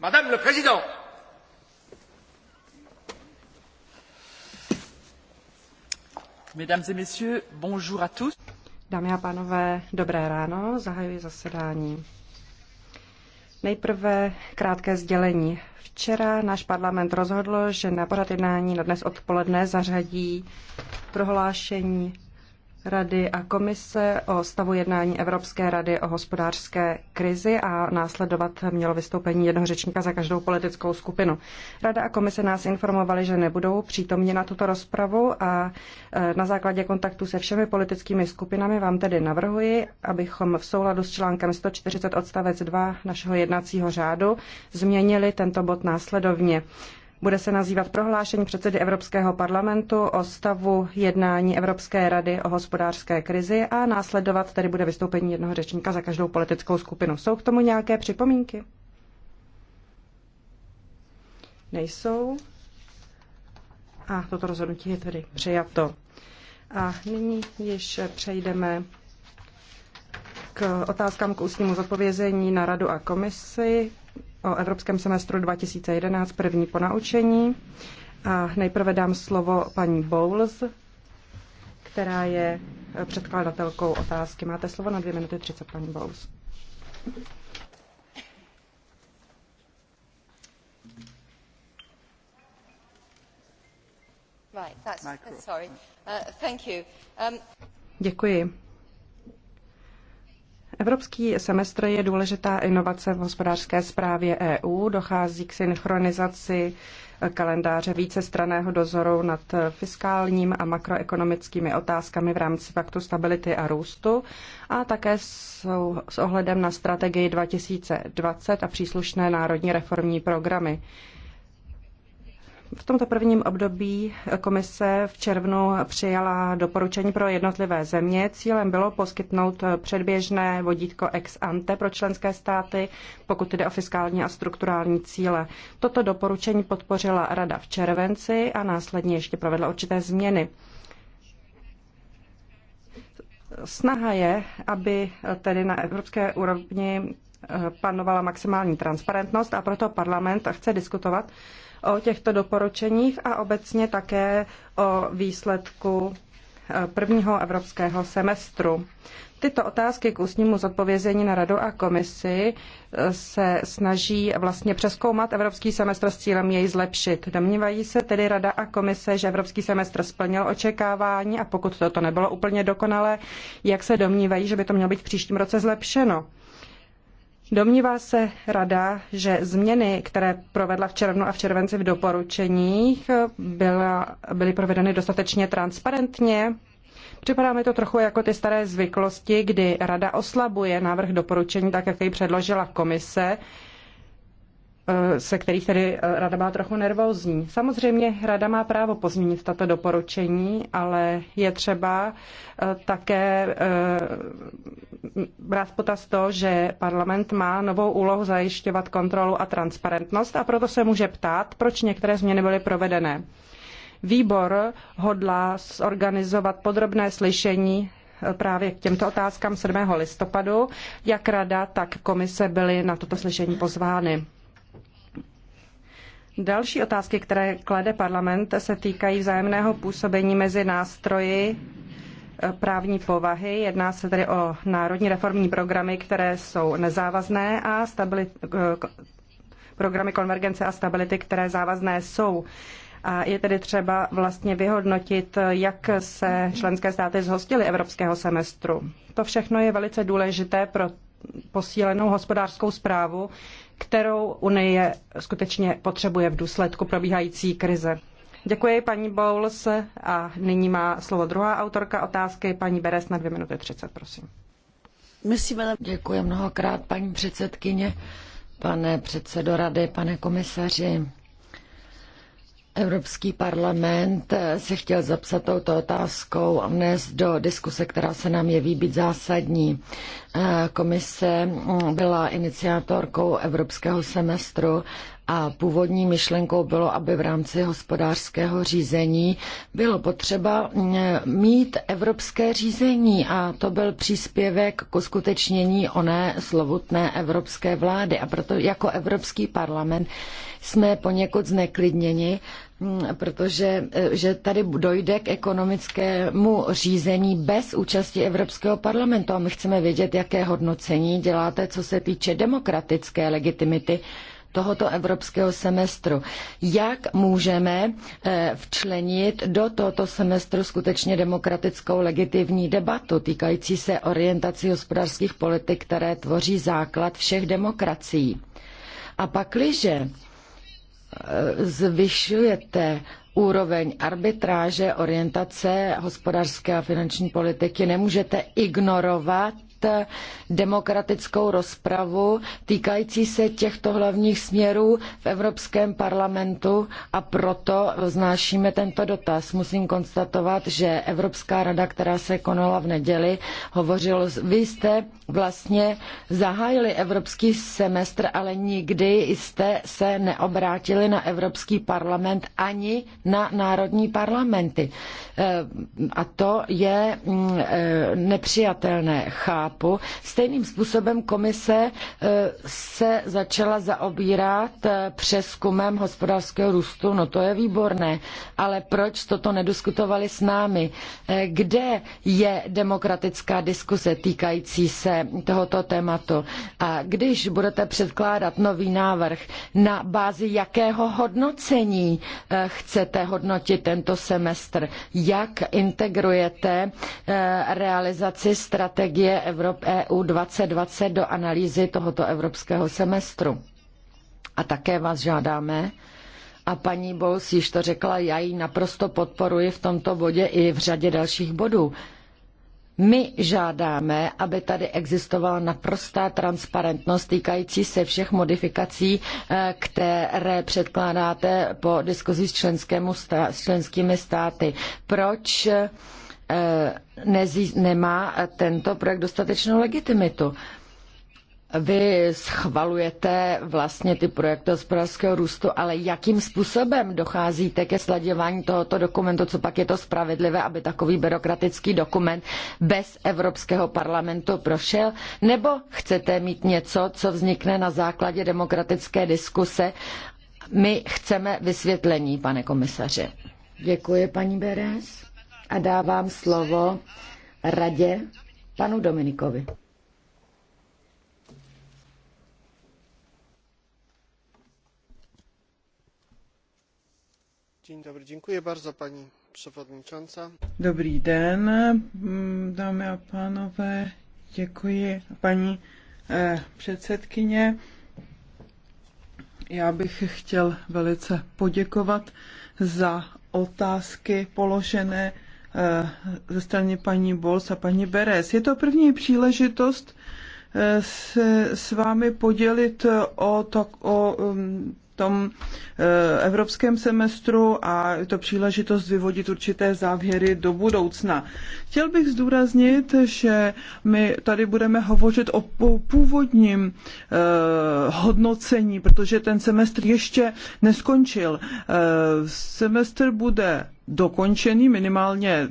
Madame le Président, Mesdames et messieurs, bonjour à tous. Dámy a pánové, dobré ráno, zahajuji zasedání. Nejprve krátké sdělení. Včera náš parlament rozhodl, že na pořad jednání na dnes odpoledne zařadí prohlášení Rady a komise o stavu jednání Evropské rady o hospodářské krizi a následovat mělo vystoupení jednoho řečníka za každou politickou skupinu. Rada a komise nás informovali, že nebudou přítomně na tuto rozpravu a e, na základě kontaktu se všemi politickými skupinami vám tedy navrhuji, abychom v souladu s článkem 140 odstavec 2 našeho jednacího řádu změnili tento bod následovně. Bude se nazývat prohlášení předsedy Evropského parlamentu o stavu jednání Evropské rady o hospodářské krizi a následovat tedy bude vystoupení jednoho řečníka za každou politickou skupinu. Jsou k tomu nějaké připomínky? Nejsou. A toto rozhodnutí je tedy přijato. A nyní již přejdeme k otázkám k ústnímu zodpovězení na radu a komisi o Evropském semestru 2011, první ponaučení. A nejprve dám slovo paní Bowles, která je předkladatelkou otázky. Máte slovo na dvě minuty 30, paní Bowles. sorry. Uh, thank you. Um, Děkuji. Evropský semestr je důležitá inovace v hospodářské správě EU. Dochází k synchronizaci kalendáře vícestraného dozoru nad fiskálním a makroekonomickými otázkami v rámci Paktu stability a růstu a také jsou s ohledem na strategii 2020 a příslušné národní reformní programy. V tomto prvním období komise v červnu přijala doporučení pro jednotlivé země. Cílem bylo poskytnout předběžné vodítko ex ante pro členské státy, pokud jde o fiskální a strukturální cíle. Toto doporučení podpořila Rada v červenci a následně ještě provedla určité změny. Snaha je, aby tedy na evropské úrovni panovala maximální transparentnost a proto parlament chce diskutovat o těchto doporučeních a obecně také o výsledku eh, prvního evropského semestru. Tyto otázky k ústnímu zodpovězení na radu a komisi eh, se snaží vlastně přeskoumat evropský semestr s cílem jej zlepšit. Domnívají se tedy rada a komise, že evropský semestr splnil očekávání a pokud toto nebylo úplně dokonalé, jak se domnívají, že by to mělo být v příštím roce zlepšeno. Domnívá se rada, že změny, které provedla v červnu a v červenci v doporučeních, byla, byly provedeny dostatečně transparentně? Připadá mi to trochu jako ty staré zvyklosti, kdy rada oslabuje návrh doporučení, tak jak jej předložila komise, Eh, se kterých tedy eh, rada byla trochu nervózní. Samozřejmě rada má právo pozměnit tato doporučení, ale je třeba eh, také brát potaz to, že parlament má novou úlohu zajišťovat kontrolu a transparentnost a proto se může ptát, proč některé změny byly provedené. Výbor hodlá zorganizovat podrobné slyšení právě k těmto otázkám 7. listopadu. Jak rada, tak komise byly na toto slyšení pozvány. Další otázky, které klade parlament, se týkají vzájemného působení mezi nástroji eh, právní povahy. Jedná se tedy o národní reformní programy, které jsou nezávazné a stabilit, eh, programy konvergence a stability, které závazné jsou. A je tedy třeba vlastně vyhodnotit, jak se členské státy zhostily evropského semestru. To všechno je velice důležité pro posílenou hospodářskou zprávu kterou Unie skutečně potřebuje v důsledku probíhající krize. Děkuji paní Bowles a nyní má slovo druhá autorka otázky, paní Beres na 2 minuty 30, prosím. Děkuji mnohokrát, paní předsedkyně, pane předsedo rady, pane komisaři. Evropský parlament eh, se chtěl zapsat touto otázkou a dnes do diskuse, která se nám jeví být zásadní. Eh, komise mm, byla iniciátorkou evropského semestru a původní myšlenkou bylo, aby v rámci hospodářského řízení bylo potřeba mm, mít evropské řízení a to byl příspěvek k uskutečnění oné slovutné evropské vlády. A proto jako Evropský parlament jsme poněkud zneklidněni Mm, protože eh, že tady dojde k ekonomickému řízení bez účasti Evropského parlamentu a my chceme vědět, jaké hodnocení děláte, co se týče demokratické legitimity tohoto evropského semestru. Jak můžeme eh, včlenit do tohoto semestru skutečně demokratickou legitimní debatu týkající se orientací hospodářských politik, které tvoří základ všech demokracií? A pakliže zvyšujete úroveň arbitráže, orientace hospodářské a finanční politiky, nemůžete ignorovat demokratickou rozpravu týkající se těchto hlavních směrů v Evropském parlamentu a proto vznášíme tento dotaz. Musím konstatovat, že Evropská rada, která se konala v neděli, hovořilo, vy jste vlastně zahájili evropský semestr, ale nikdy jste se neobrátili na Evropský parlament ani na národní parlamenty. E, a to je mm, e, nepřijatelné. Chápu, chápu. Stejným způsobem komise eh, se začala zaobírat eh, přeskumem hospodářského růstu. No to je výborné, ale proč toto nediskutovali s námi? Eh, kde je demokratická diskuse týkající se tohoto tématu? A když budete předkládat nový návrh, na bázi jakého hodnocení chcete hodnotit tento semestr? Jak integrujete realizaci strategie Evropy? EU e 2020 do analýzy tohoto evropského semestru. A také vás žádáme, a paní Bowles již to řekla, já ji naprosto podporuji v tomto bodě i v řadě dalších bodů. My žádáme, aby tady existovala naprostá transparentnost týkající se všech modifikací, eh, které předkládáte po diskuzi s, členskému s členskými státy. Proč eh, Eh, nezí, nemá tento projekt dostatečnou legitimitu. Vy schvalujete vlastně ty projekty hospodářského růstu, ale jakým způsobem docházíte ke sladěvání tohoto dokumentu, co pak je to spravedlivé, aby takový byrokratický dokument bez Evropského parlamentu prošel? Nebo chcete mít něco, co vznikne na základě demokratické diskuse? My chceme vysvětlení, pane komisaři. Děkuji, paní Beres a dávám slovo radě panu Dominikovi. Dzień dobry, dziękuję bardzo pani przewodnicząca. Dobrý den, dámy a pánové, děkuji paní eh, předsedkyně. Já bych chtěl velice poděkovat za otázky položené eh, Eh, ze strany paní Bols a paní Beres. Je to první příležitost eh, se s vámi podělit o, to, o mm, tom eh, evropském semestru a je to příležitost vyvodit určité závěry do budoucna. Chtěl bych zdůraznit, že my tady budeme hovořit o původním hodnocení, protože ten semestr ještě neskončil. Semestr bude dokončený, minimálně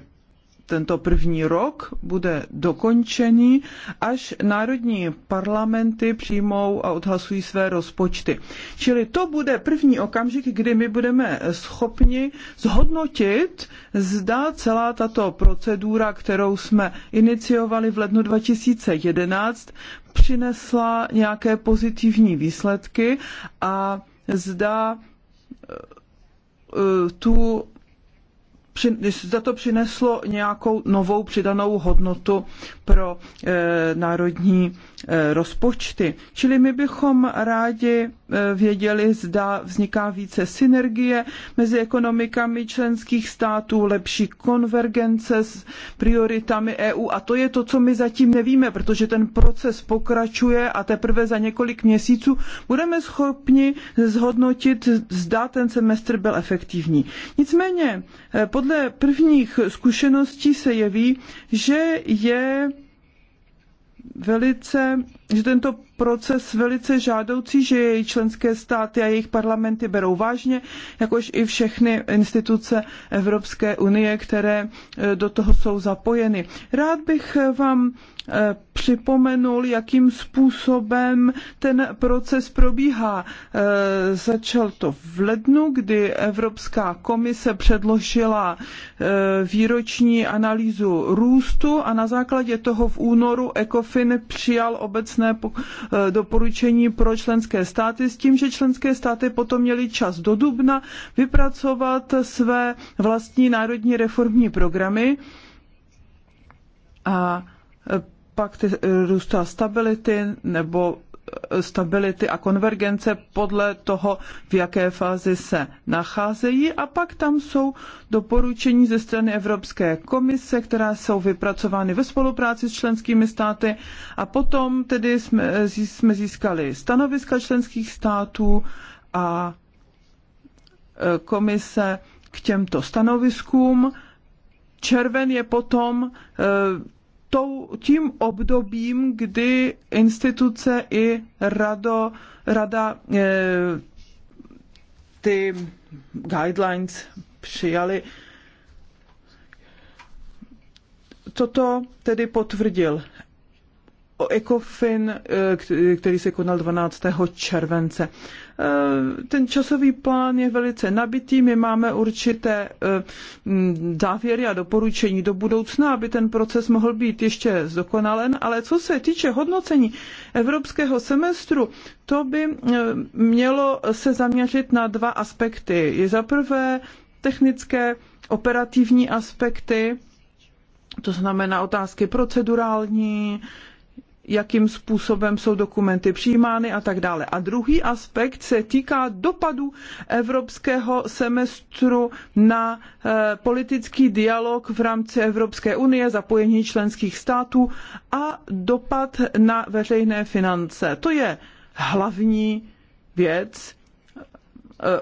tento první rok bude dokončený, až národní parlamenty přijmou a odhlasují své rozpočty. Čili to bude první okamžik, kdy my budeme schopni zhodnotit, zda celá tato procedura, kterou jsme iniciovali v lednu 2011, přinesla nějaké pozitivní výsledky a zda eh, tu zda to přineslo nějakou novou přidanou hodnotu pro eh, národní eh, rozpočty. Čili my bychom rádi Eh, věděli, zda vzniká více synergie mezi ekonomikami členských států, lepší konvergence s prioritami EU. A to je to, co my zatím nevíme, protože ten proces pokračuje a teprve za několik měsíců budeme schopni zhodnotit, zda ten semestr byl efektivní. Nicméně, eh, podle prvních zkušeností se jeví, že je velice, že tento proces velice žádoucí, že jej členské státy a jejich parlamenty berou vážně, jakož i všechny instituce Evropské unie, které e, do toho jsou zapojeny. Rád bych e, vám e, připomenul, jakým způsobem ten proces probíhá. Začal to v lednu, kdy Evropská komise předložila výroční analýzu růstu a na základě toho v únoru ECOFIN přijal obecné Eh, doporučení pro členské státy s tím, že členské státy potom měly čas do dubna vypracovat své vlastní národní reformní programy a eh, pak eh, růstu a stability nebo stability a konvergence podle toho, v jaké fázi se nacházejí. A pak tam jsou doporučení ze strany Evropské komise, která jsou vypracovány ve spolupráci s členskými státy. A potom tedy jsme, jsme získali stanoviska členských států a e, komise k těmto stanoviskům. Červen je potom e, tou, tím obdobím, kdy instituce i rado, rada e, ty guidelines přijali. Toto tedy potvrdil ECOFIN, eh, který se konal 12. července. Eh, ten časový plán je velice nabitý, my máme určité eh, závěry a doporučení do budoucna, aby ten proces mohl být ještě zdokonalen, ale co se týče hodnocení evropského semestru, to by eh, mělo se zaměřit na dva aspekty. Je za prvé technické operativní aspekty, to znamená otázky procedurální, jakým způsobem jsou dokumenty přijímány a tak dále. A druhý aspekt se týká dopadu evropského semestru na eh, politický dialog v rámci Evropské unie, zapojení členských států a dopad na veřejné finance. To je hlavní věc eh,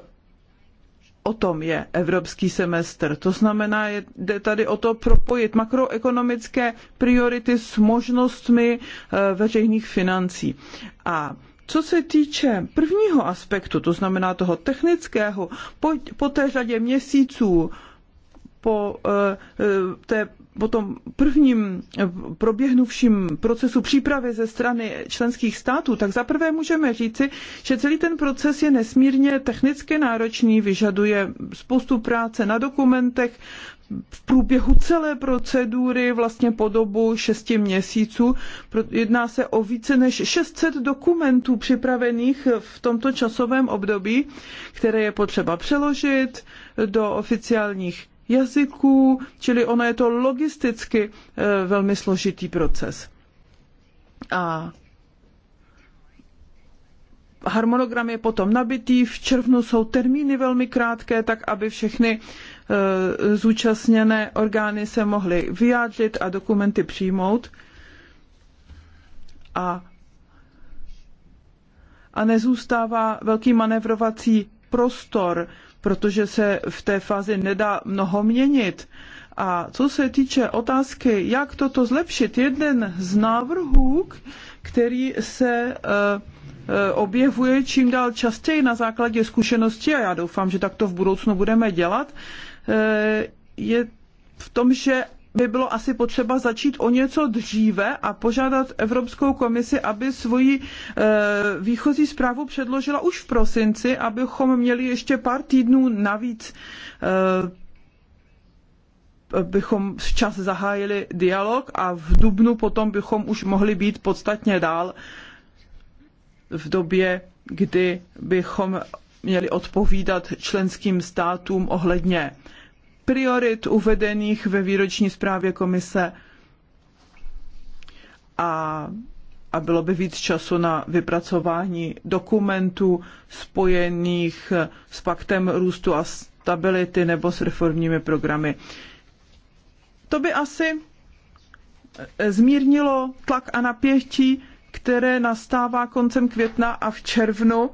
o tom je evropský semestr. To znamená, jde tady o to propojit makroekonomické priority s možnostmi eh, veřejných financí. A co se týče prvního aspektu, to znamená toho technického, po, po té řadě měsíců po eh, eh, té po tom prvním eh, proběhnuvším procesu přípravy ze strany členských států, tak zaprvé můžeme říci, že celý ten proces je nesmírně technicky náročný, vyžaduje spoustu práce na dokumentech, v průběhu celé procedury vlastně po dobu 6 měsíců. Jedná se o více než 600 dokumentů připravených v tomto časovém období, které je potřeba přeložit do oficiálních jazyků, čili ono je to logisticky eh, velmi složitý proces. A harmonogram je potom nabitý, v červnu jsou termíny velmi krátké, tak aby všechny eh, zúčastněné orgány se mohly vyjádřit a dokumenty přijmout. A, a nezůstává velký manevrovací prostor protože se v té fázi nedá mnoho měnit. A co se týče otázky, jak toto zlepšit, jeden z návrhů, který se eh, eh, objevuje čím dál častěji na základě zkušenosti, a já doufám, že tak to v budoucnu budeme dělat, eh, je v tom, že by bylo asi potřeba začít o něco dříve a požádat Evropskou komisi, aby svoji eh, výchozí zprávu předložila už v prosinci, abychom měli ještě pár týdnů navíc eh, bychom včas zahájili dialog a v dubnu potom bychom už mohli být podstatně dál v době, kdy bychom měli odpovídat členským státům ohledně priorit uvedených ve výroční zprávě komise a, a bylo by víc času na vypracování dokumentů spojených s paktem růstu a stability nebo s reformními programy. To by asi eh, zmírnilo tlak a napětí, které nastává koncem května a v červnu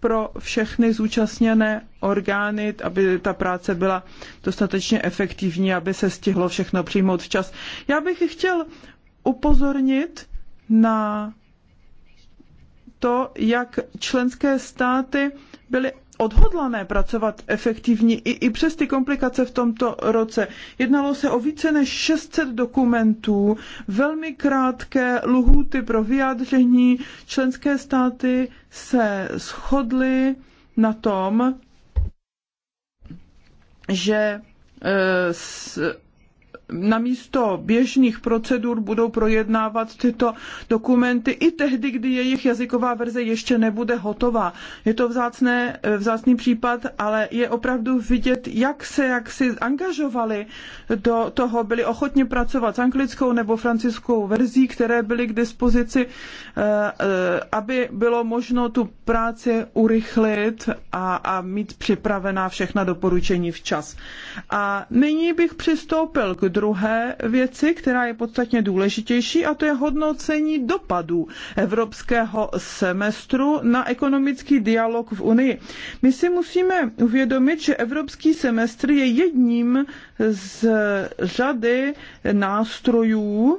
pro všechny zúčastněné orgány, aby ta práce byla dostatečně efektivní, aby se stihlo všechno přijmout včas. Já bych chtěl upozornit na to, jak členské státy byly odhodlané pracovat efektivně i, i přes ty komplikace v tomto roce. Jednalo se o více než 600 dokumentů, velmi krátké lhůty pro vyjádření. Členské státy se shodly na tom, že eh, s namísto běžných procedur budou projednávat tyto dokumenty i tehdy, kdy jejich jazyková verze ještě nebude hotová. Je to vzácné, eh, vzácný případ, ale je opravdu vidět, jak se jak si angažovali do toho, byli ochotni pracovat s anglickou nebo francouzskou verzí, které byly k dispozici, eh, eh, aby bylo možno tu práci urychlit a, a mít připravená všechna doporučení včas. A nyní bych přistoupil k druhé věci, která je podstatně důležitější, a to je hodnocení dopadů evropského semestru na ekonomický dialog v Unii. My si musíme uvědomit, že evropský semestr je jedním z řady nástrojů,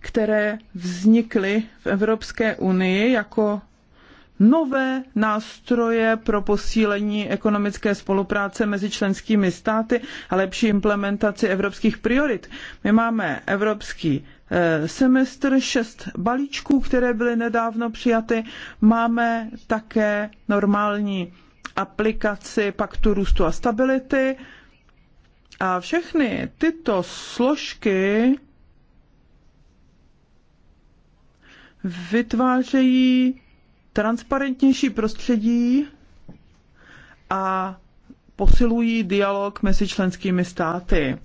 které vznikly v Evropské unii jako nové nástroje pro posílení ekonomické spolupráce mezi členskými státy a lepší implementaci evropských priorit. My máme evropský eh, semestr, šest balíčků, které byly nedávno přijaty. Máme také normální aplikaci Paktu růstu a stability. A všechny tyto složky vytvářejí transparentnější prostředí a posilují dialog mezi členskými státy.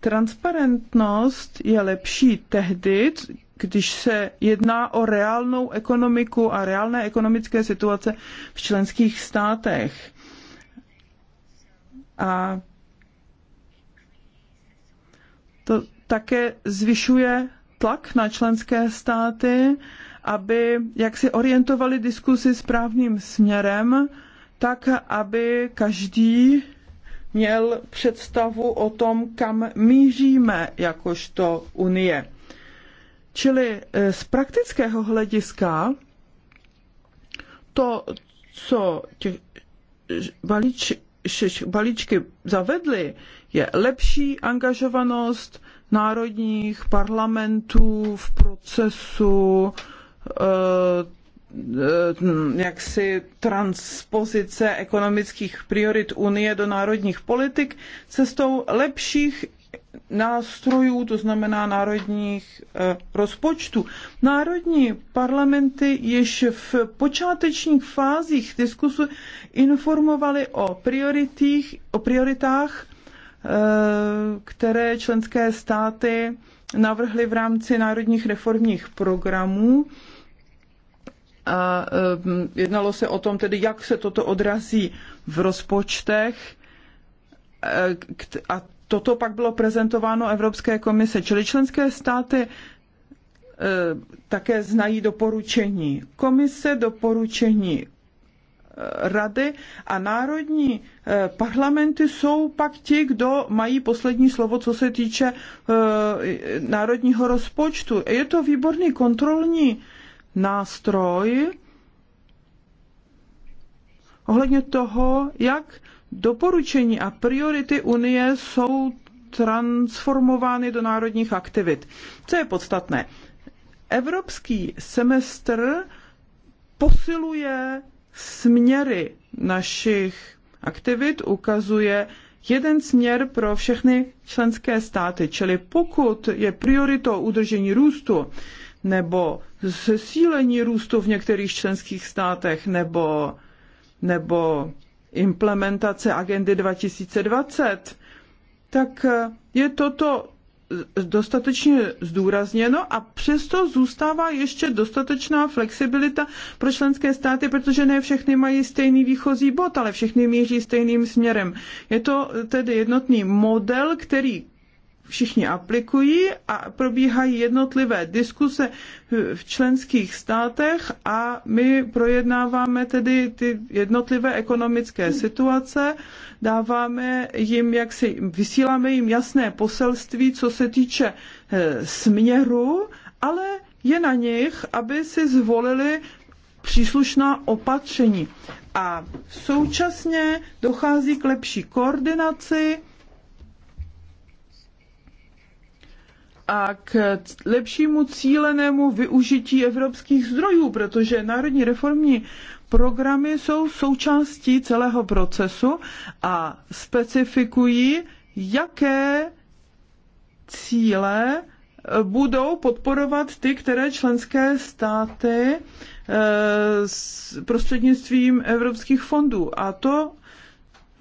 Transparentnost je lepší tehdy, když se jedná o reálnou ekonomiku a reálné ekonomické situace v členských státech. A to také zvyšuje tlak na členské státy, aby jak si orientovali diskusi správným směrem, tak aby každý měl představu o tom, kam míříme jakožto Unie. Čili e, z praktického hlediska to, co tě, balíč, balíčky zavedly, je lepší angažovanost, národních parlamentů v procesu eh, eh, jaksi transpozice ekonomických priorit Unie do národních politik cestou lepších nástrojů, to znamená národních eh, rozpočtů. Národní parlamenty již v počátečních fázích diskusu informovaly o, prioritách, o prioritách Eh, které členské státy navrhly v rámci národních reformních programů a eh, jednalo se o tom tedy, jak se toto odrazí v rozpočtech eh, a toto pak bylo prezentováno Evropské komise, čili členské státy také znají doporučení. Komise doporučení rady a národní eh, parlamenty jsou pak ti, kdo mají poslední slovo, co se týče eh, národního rozpočtu. Je to výborný kontrolní nástroj ohledně toho, jak doporučení a priority Unie jsou transformovány do národních aktivit. Co je podstatné? Evropský semestr posiluje směry našich aktivit ukazuje jeden směr pro všechny členské státy. Čili pokud je prioritou udržení růstu nebo zesílení růstu v některých členských státech nebo, nebo implementace agendy 2020, tak je toto dostatečně zdůrazněno a přesto zůstává ještě dostatečná flexibilita pro členské státy, protože ne všechny mají stejný výchozí bod, ale všechny míří stejným směrem. Je to tedy jednotný model, který všichni aplikují a probíhají jednotlivé diskuse v členských státech a my projednáváme tedy ty jednotlivé ekonomické situace, dáváme jim, jak si vysíláme jim jasné poselství, co se týče eh, směru, ale je na nich, aby si zvolili příslušná opatření. A současně dochází k lepší koordinaci a k lepšímu cílenému využití evropských zdrojů, protože národní reformní programy jsou součástí celého procesu a specifikují, jaké cíle budou podporovat ty, které členské státy eh, prostřednictvím evropských fondů. A to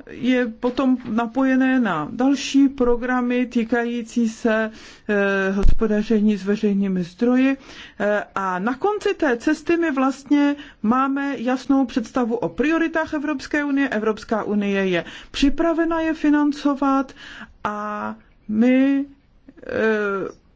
je potom napojené na další programy týkající se eh, hospodaření s veřejnými zdroji. Eh, a na konci té cesty my vlastně máme jasnou představu o prioritách Evropské unie. Evropská unie je připravena je financovat a my eh,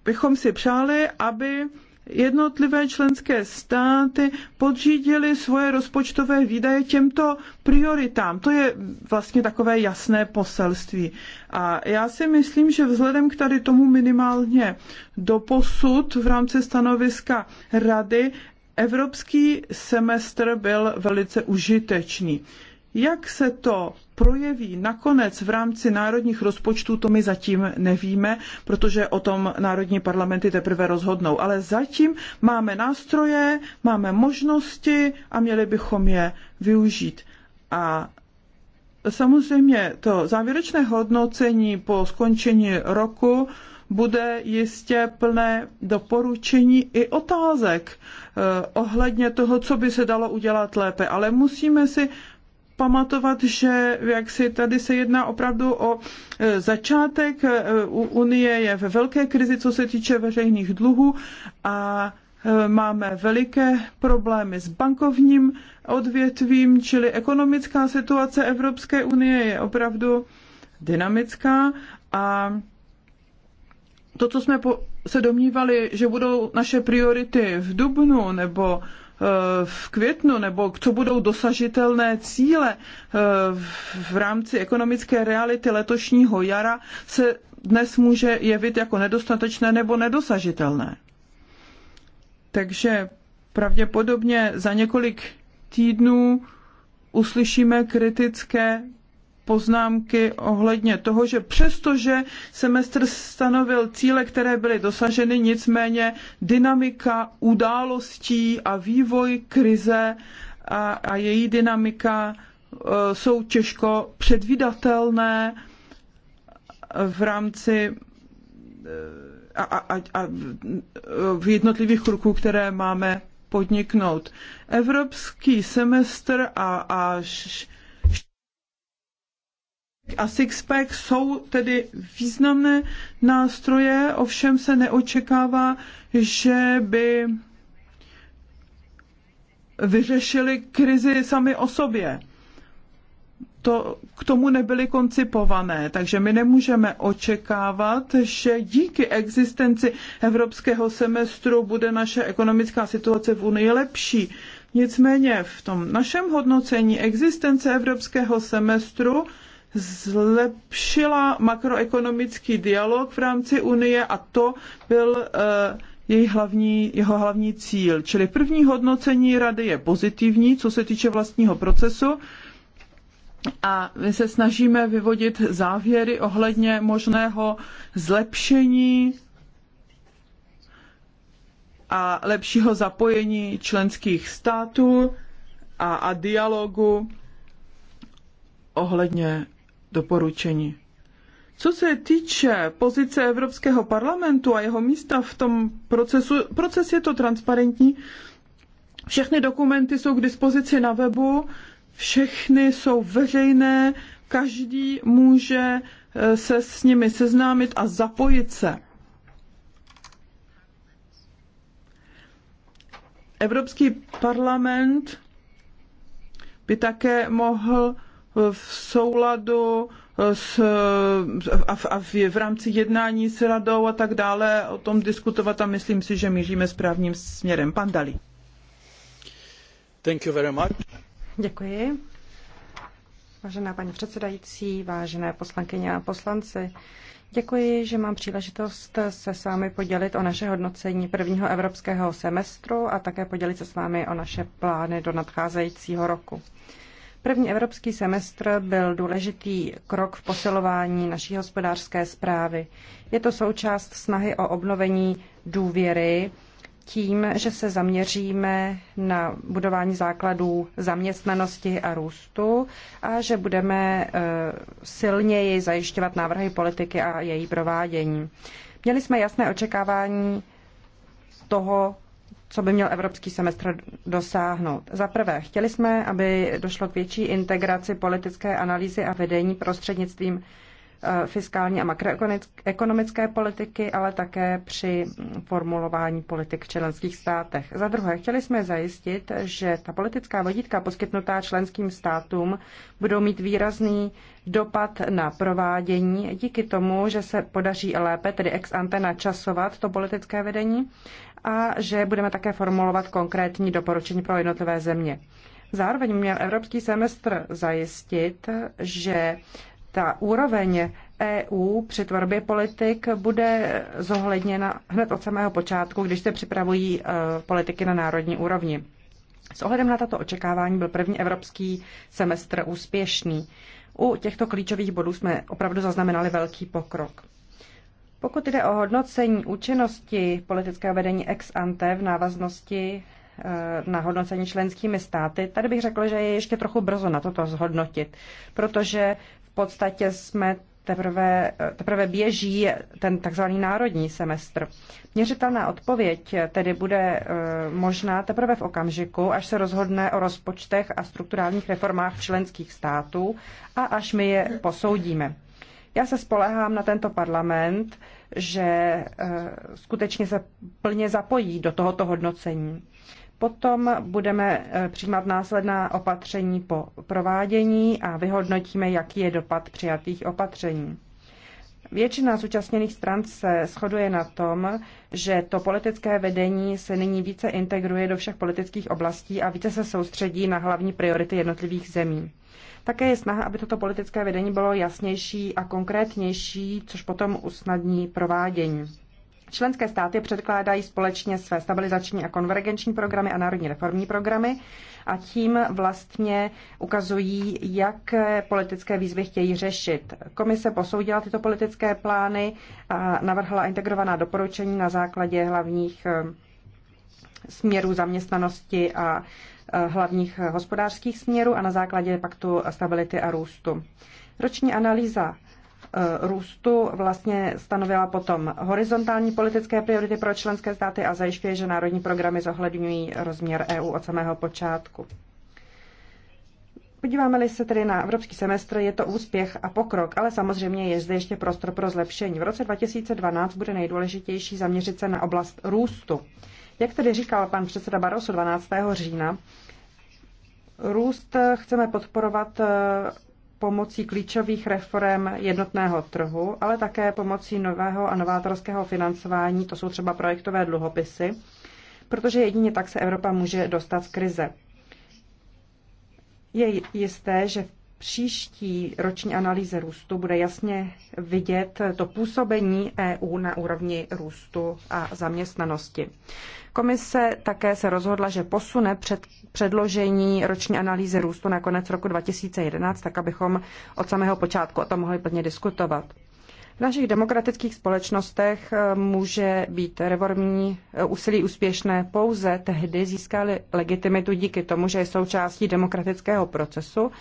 bychom si přáli, aby jednotlivé členské státy podřídily svoje rozpočtové výdaje těmto prioritám. To je vlastně takové jasné poselství. A já si myslím, že vzhledem k tady tomu minimálně doposud v rámci stanoviska Rady Evropský semestr byl velice užitečný. Jak se to projeví nakonec v rámci národních rozpočtů, to my zatím nevíme, protože o tom národní parlamenty teprve rozhodnou. Ale zatím máme nástroje, máme možnosti a měli bychom je využít. A samozřejmě to závěrečné hodnocení po skončení roku bude jistě plné doporučení i otázek eh, ohledně toho, co by se dalo udělat lépe. Ale musíme si pamatovat, že jak si tady se jedná opravdu o e, začátek. E, unie je ve velké krizi, co se týče veřejných dluhů a e, máme veliké problémy s bankovním odvětvím, čili ekonomická situace Evropské unie je opravdu dynamická a to, co jsme se domnívali, že budou naše priority v Dubnu nebo Eh, v květnu, nebo co budou dosažitelné cíle eh, v rámci ekonomické reality letošního jara, se dnes může jevit jako nedostatečné nebo nedosažitelné. Takže pravděpodobně za několik týdnů uslyšíme kritické poznámky ohledně toho, že přestože semestr stanovil cíle, které byly dosaženy, nicméně dynamika událostí a vývoj krize a, a její dynamika e, jsou těžko předvídatelné v rámci e, a, a, a v jednotlivých kroků, které máme podniknout. Evropský semestr a, a š, a sixpack jsou tedy významné nástroje, ovšem se neočekává, že by vyřešili krizi sami o sobě. To, k tomu nebyly koncipované, takže my nemůžeme očekávat, že díky existenci evropského semestru bude naše ekonomická situace v Unii lepší. Nicméně v tom našem hodnocení existence evropského semestru zlepšila makroekonomický dialog v rámci Unie a to byl eh, její hlavní, jeho hlavní cíl. Čili první hodnocení rady je pozitivní, co se týče vlastního procesu. A my se snažíme vyvodit závěry ohledně možného zlepšení a lepšího zapojení členských států a, a dialogu ohledně doporučení. Co se týče pozice Evropského parlamentu a jeho místa v tom procesu, proces je to transparentní. Všechny dokumenty jsou k dispozici na webu, všechny jsou veřejné, každý může eh, se s nimi seznámit a zapojit se. Evropský parlament by také mohl v souladu s, a, v, a v, v rámci jednání s radou a tak dále o tom diskutovat a myslím si, že míříme správným směrem. Pan Dali. Thank you very much. Děkuji. Vážená paní předsedající, vážené poslankyně a poslanci, děkuji, že mám příležitost se s vámi podělit o naše hodnocení prvního evropského semestru a také podělit se s vámi o naše plány do nadcházejícího roku. První evropský semestr byl důležitý krok v posilování naší hospodářské zprávy. Je to součást snahy o obnovení důvěry tím, že se zaměříme na budování základů zaměstnanosti a růstu a že budeme eh, silněji zajišťovat návrhy politiky a její provádění. Měli jsme jasné očekávání toho, co by měl evropský semestr dosáhnout. Za prvé, chtěli jsme, aby došlo k větší integraci politické analýzy a vedení prostřednictvím eh, fiskální a makroekonomické politiky, ale také při formulování politik v členských státech. Za druhé, chtěli jsme zajistit, že ta politická vodítka poskytnutá členským státům budou mít výrazný dopad na provádění díky tomu, že se podaří lépe, tedy ex ante načasovat to politické vedení a že budeme také formulovat konkrétní doporučení pro jednotlivé země. Zároveň měl evropský semestr zajistit, že ta úroveň EU při tvorbě politik bude zohledněna hned od samého počátku, když se připravují e, politiky na národní úrovni. S ohledem na tato očekávání byl první evropský semestr úspěšný. U těchto klíčových bodů jsme opravdu zaznamenali velký pokrok. Pokud jde o hodnocení účinnosti politického vedení ex ante v návaznosti eh, na hodnocení členskými státy, tady bych řekla, že je ještě trochu brzo na toto zhodnotit, protože v podstatě jsme teprve, eh, teprve běží ten takzvaný národní semestr. Měřitelná odpověď tedy bude eh, možná teprve v okamžiku, až se rozhodne o rozpočtech a strukturálních reformách členských států a až my je posoudíme. Já se spolehám na tento parlament, že eh, skutečně se plně zapojí do tohoto hodnocení. Potom budeme eh, přijímat následná opatření po provádění a vyhodnotíme, jaký je dopad přijatých opatření. Většina zúčastněných stran se shoduje na tom, že to politické vedení se nyní více integruje do všech politických oblastí a více se soustředí na hlavní priority jednotlivých zemí. Také je snaha, aby toto politické vedení bylo jasnější a konkrétnější, což potom usnadní provádění. Členské státy předkládají společně své stabilizační a konvergenční programy a národní reformní programy a tím vlastně ukazují, jak politické výzvy chtějí řešit. Komise posoudila tyto politické plány a navrhla integrovaná doporučení na základě hlavních eh, směrů zaměstnanosti a Eh, hlavních eh, hospodářských směrů a na základě paktu stability a růstu. Roční analýza eh, růstu vlastně stanovila potom horizontální politické priority pro členské státy a zajišťuje, že národní programy zohledňují rozměr EU od samého počátku. Podíváme-li se tedy na evropský semestr, je to úspěch a pokrok, ale samozřejmě je zde ještě prostor pro zlepšení. V roce 2012 bude nejdůležitější zaměřit se na oblast růstu. Jak tedy říkal pan předseda Barroso 12. října, růst chceme podporovat eh, pomocí klíčových reform jednotného trhu, ale také pomocí nového a novátorského financování, to jsou třeba projektové dluhopisy, protože jedině tak se Evropa může dostat z krize. Je jisté, že v příští roční analýze růstu bude jasně vidět to působení EU na úrovni růstu a zaměstnanosti. Komise také se rozhodla, že posune před předložení roční analýzy růstu na konec roku 2011, tak abychom od samého počátku o tom mohli plně diskutovat. V našich demokratických společnostech eh, může být reformní eh, úsilí úspěšné pouze tehdy získali legitimitu díky tomu, že je součástí demokratického procesu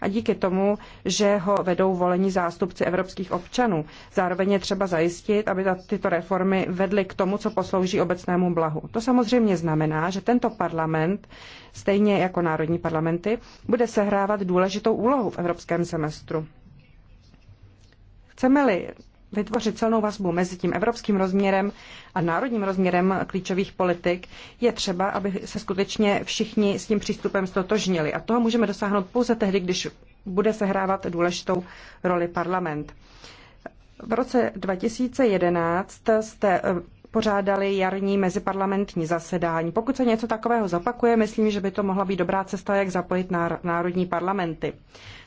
a díky tomu, že ho vedou volení zástupci evropských občanů. Zároveň je třeba zajistit, aby tyto reformy vedly k tomu, co poslouží obecnému blahu. To samozřejmě znamená, že tento parlament, stejně jako národní parlamenty, bude sehrávat důležitou úlohu v evropském semestru. Chceme-li vytvořit silnou vazbu mezi tím evropským rozměrem a národním rozměrem klíčových politik, je třeba, aby se skutečně všichni s tím přístupem stotožnili. A toho můžeme dosáhnout pouze tehdy, když bude sehrávat důležitou roli parlament. V roce 2011 jste eh, pořádali jarní meziparlamentní zasedání. Pokud se něco takového zapakuje, myslím, že by to mohla být dobrá cesta, jak zapojit národní parlamenty.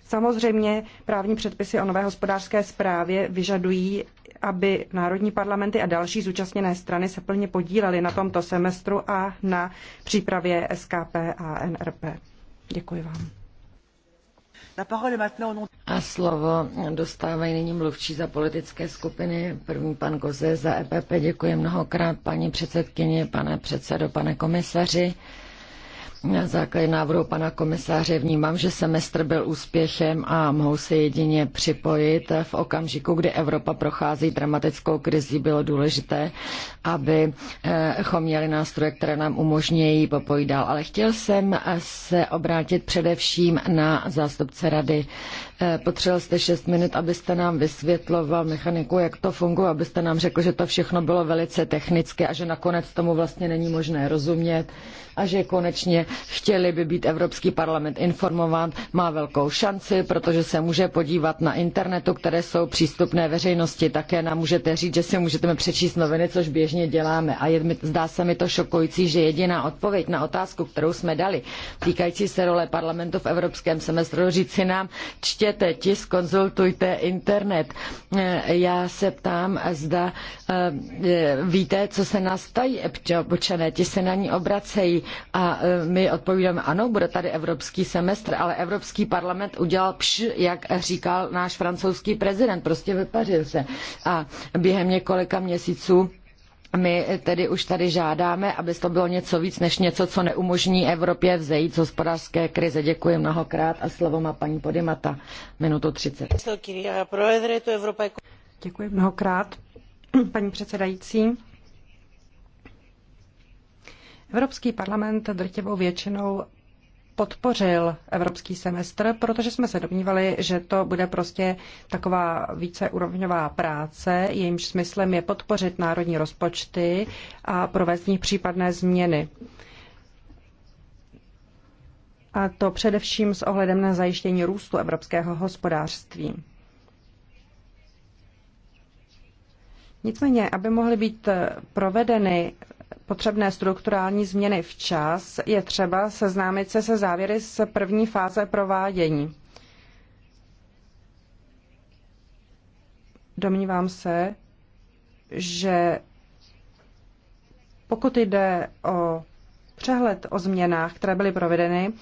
Samozřejmě právní předpisy o nové hospodářské správě vyžadují, aby národní parlamenty a další zúčastněné strany se plně podílely na tomto semestru a na přípravě SKP a NRP. Děkuji vám. A slovo dostávají nyní mluvčí za politické skupiny. První pan Goze za EPP. Děkuji mnohokrát paní předsedkyně, pane předsedo, pane komisaři. Na základě návrhu pana komisáře vnímám, že semestr byl úspěchem a mohu se jedině připojit. V okamžiku, kdy Evropa prochází dramatickou krizí, bylo důležité, abychom eh, měli nástroje, které nám umožňují popojit dál. Ale chtěl jsem se obrátit především na zástupce rady. Eh, potřeboval jste 6 minut, abyste nám vysvětloval mechaniku, jak to funguje, abyste nám řekl, že to všechno bylo velice technické a že nakonec tomu vlastně není možné rozumět a že konečně chtěli by být Evropský parlament informován, má velkou šanci, protože se může podívat na internetu, které jsou přístupné veřejnosti. Také nám můžete říct, že si můžeme přečíst noviny, což běžně děláme. A je, zdá se mi to šokující, že jediná odpověď na otázku, kterou jsme dali, týkající se role parlamentu v evropském semestru, říci nám, čtě čtete tisk, konzultujte internet. Eh, já se ptám, zda eh, víte, co se nastají občané, ti se na ní obracejí a eh, my odpovídáme, ano, bude tady evropský semestr, ale Evropský parlament udělal pš, jak říkal náš francouzský prezident, prostě vypařil se. A během několika měsíců my tedy už tady žádáme, aby to bylo něco víc než něco, co neumožní Evropě vzejít z hospodářské krize. Děkuji mnohokrát a slovo má paní Podimata. Minutu 30. Děkuji mnohokrát, paní předsedající. Evropský parlament drtivou většinou podpořil evropský semestr, protože jsme se domnívali, že to bude prostě taková víceúrovňová práce, jejímž smyslem je podpořit národní rozpočty a provést v nich případné změny. A to především s ohledem na zajištění růstu evropského hospodářství. Nicméně, aby mohly být provedeny potřebné strukturální změny včas, je třeba seznámit se se závěry z první fáze provádění. Domnívám se, že pokud jde o přehled o změnách, které byly provedeny,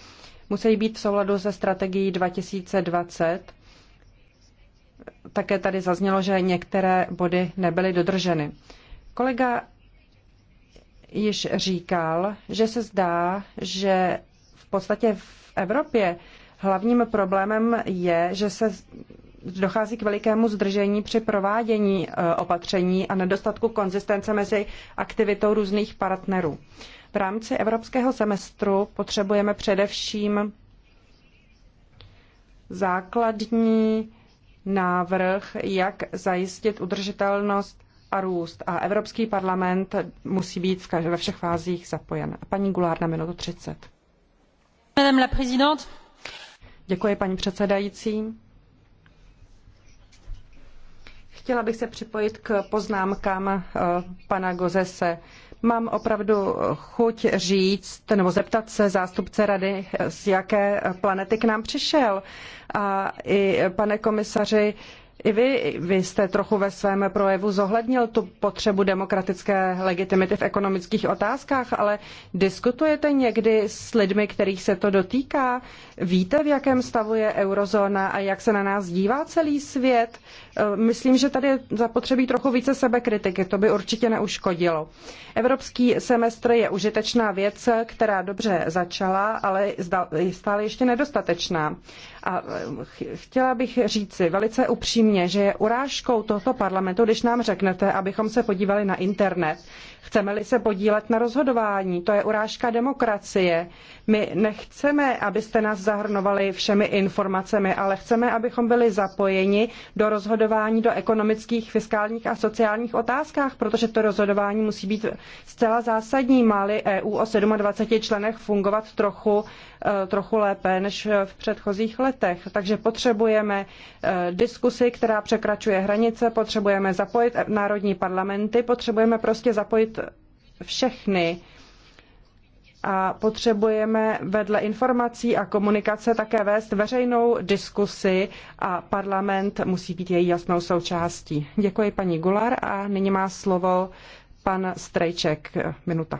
musí být v souladu se strategií 2020. Také tady zaznělo, že některé body nebyly dodrženy. Kolega již říkal, že se zdá, že v podstatě v Evropě hlavním problémem je, že se dochází k velikému zdržení při provádění e, opatření a nedostatku konzistence mezi aktivitou různých partnerů. V rámci evropského semestru potřebujeme především základní návrh, jak zajistit udržitelnost a růst. A Evropský parlament musí být ve všech fázích zapojen. Paní Gulár na minutu 30. Madame la présidente. Děkuji, paní předsedající. Chtěla bych se připojit k poznámkám eh, pana Gozese. Mám opravdu chuť říct nebo zeptat se zástupce rady, eh, z jaké planety k nám přišel. A i eh, pane komisaři, i vy, vy jste trochu ve svém projevu zohlednil tu potřebu demokratické legitimity v ekonomických otázkách, ale diskutujete někdy s lidmi, kterých se to dotýká? Víte, v jakém stavu je eurozóna a jak se na nás dívá celý svět? Eh, myslím, že tady je zapotřebí trochu více sebekritiky, to by určitě neuškodilo. Evropský semestr je užitečná věc, která dobře začala, ale je stále ještě nedostatečná. A eh, chtěla bych říci velice upřímně, že je urážkou tohoto parlamentu, když nám řeknete, abychom se podívali na internet. Chceme-li se podílet na rozhodování, to je urážka demokracie. My nechceme, abyste nás zahrnovali všemi informacemi, ale chceme, abychom byli zapojeni do rozhodování do ekonomických, fiskálních a sociálních otázkách, protože to rozhodování musí být zcela zásadní, Máli EU o 27 členech fungovat trochu Eh, trochu lépe než v předchozích letech. Takže potřebujeme eh, diskusi, která překračuje hranice, potřebujeme zapojit národní parlamenty, potřebujeme prostě zapojit všechny a potřebujeme vedle informací a komunikace také vést veřejnou diskusi a parlament musí být její jasnou součástí. Děkuji paní Gular a nyní má slovo pan Strejček. Minuta.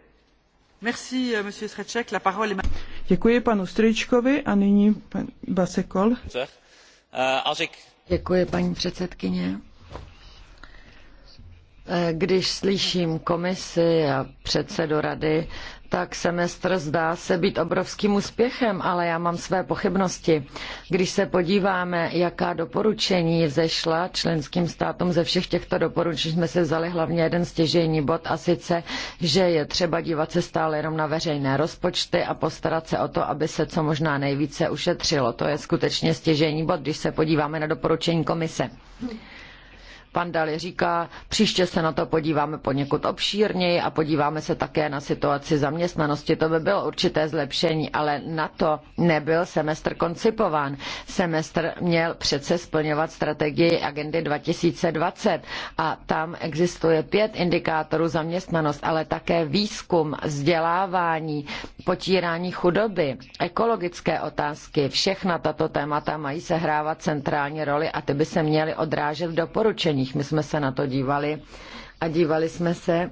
Merci, euh, monsieur Sreček. La parole est... Děkuji panu Strejčkovi a nyní pan Basekol. Eh, Děkuji, paní předsedkyně. Eh, když slyším komisi a předsedu rady, tak semestr zdá se být obrovským úspěchem, ale já mám své pochybnosti. Když se podíváme, jaká doporučení zešla členským státům ze všech těchto doporučení, jsme se vzali hlavně jeden stěžejní bod a sice, že je třeba dívat se stále jenom na veřejné rozpočty a postarat se o to, aby se co možná nejvíce ušetřilo. To je skutečně stěžejní bod, když se podíváme na doporučení komise. Pan Dali říká, příště se na to podíváme poněkud obšírněji a podíváme se také na situaci zaměstnanosti. To by bylo určité zlepšení, ale na to nebyl semestr koncipován. Semestr měl přece splňovat strategii agendy 2020 a tam existuje pět indikátorů zaměstnanost, ale také výzkum, vzdělávání, potírání chudoby, ekologické otázky. Všechna tato témata mají sehrávat centrální roli a ty by se měly odrážet v doporučení jednáních. My jsme se na to dívali a dívali jsme se,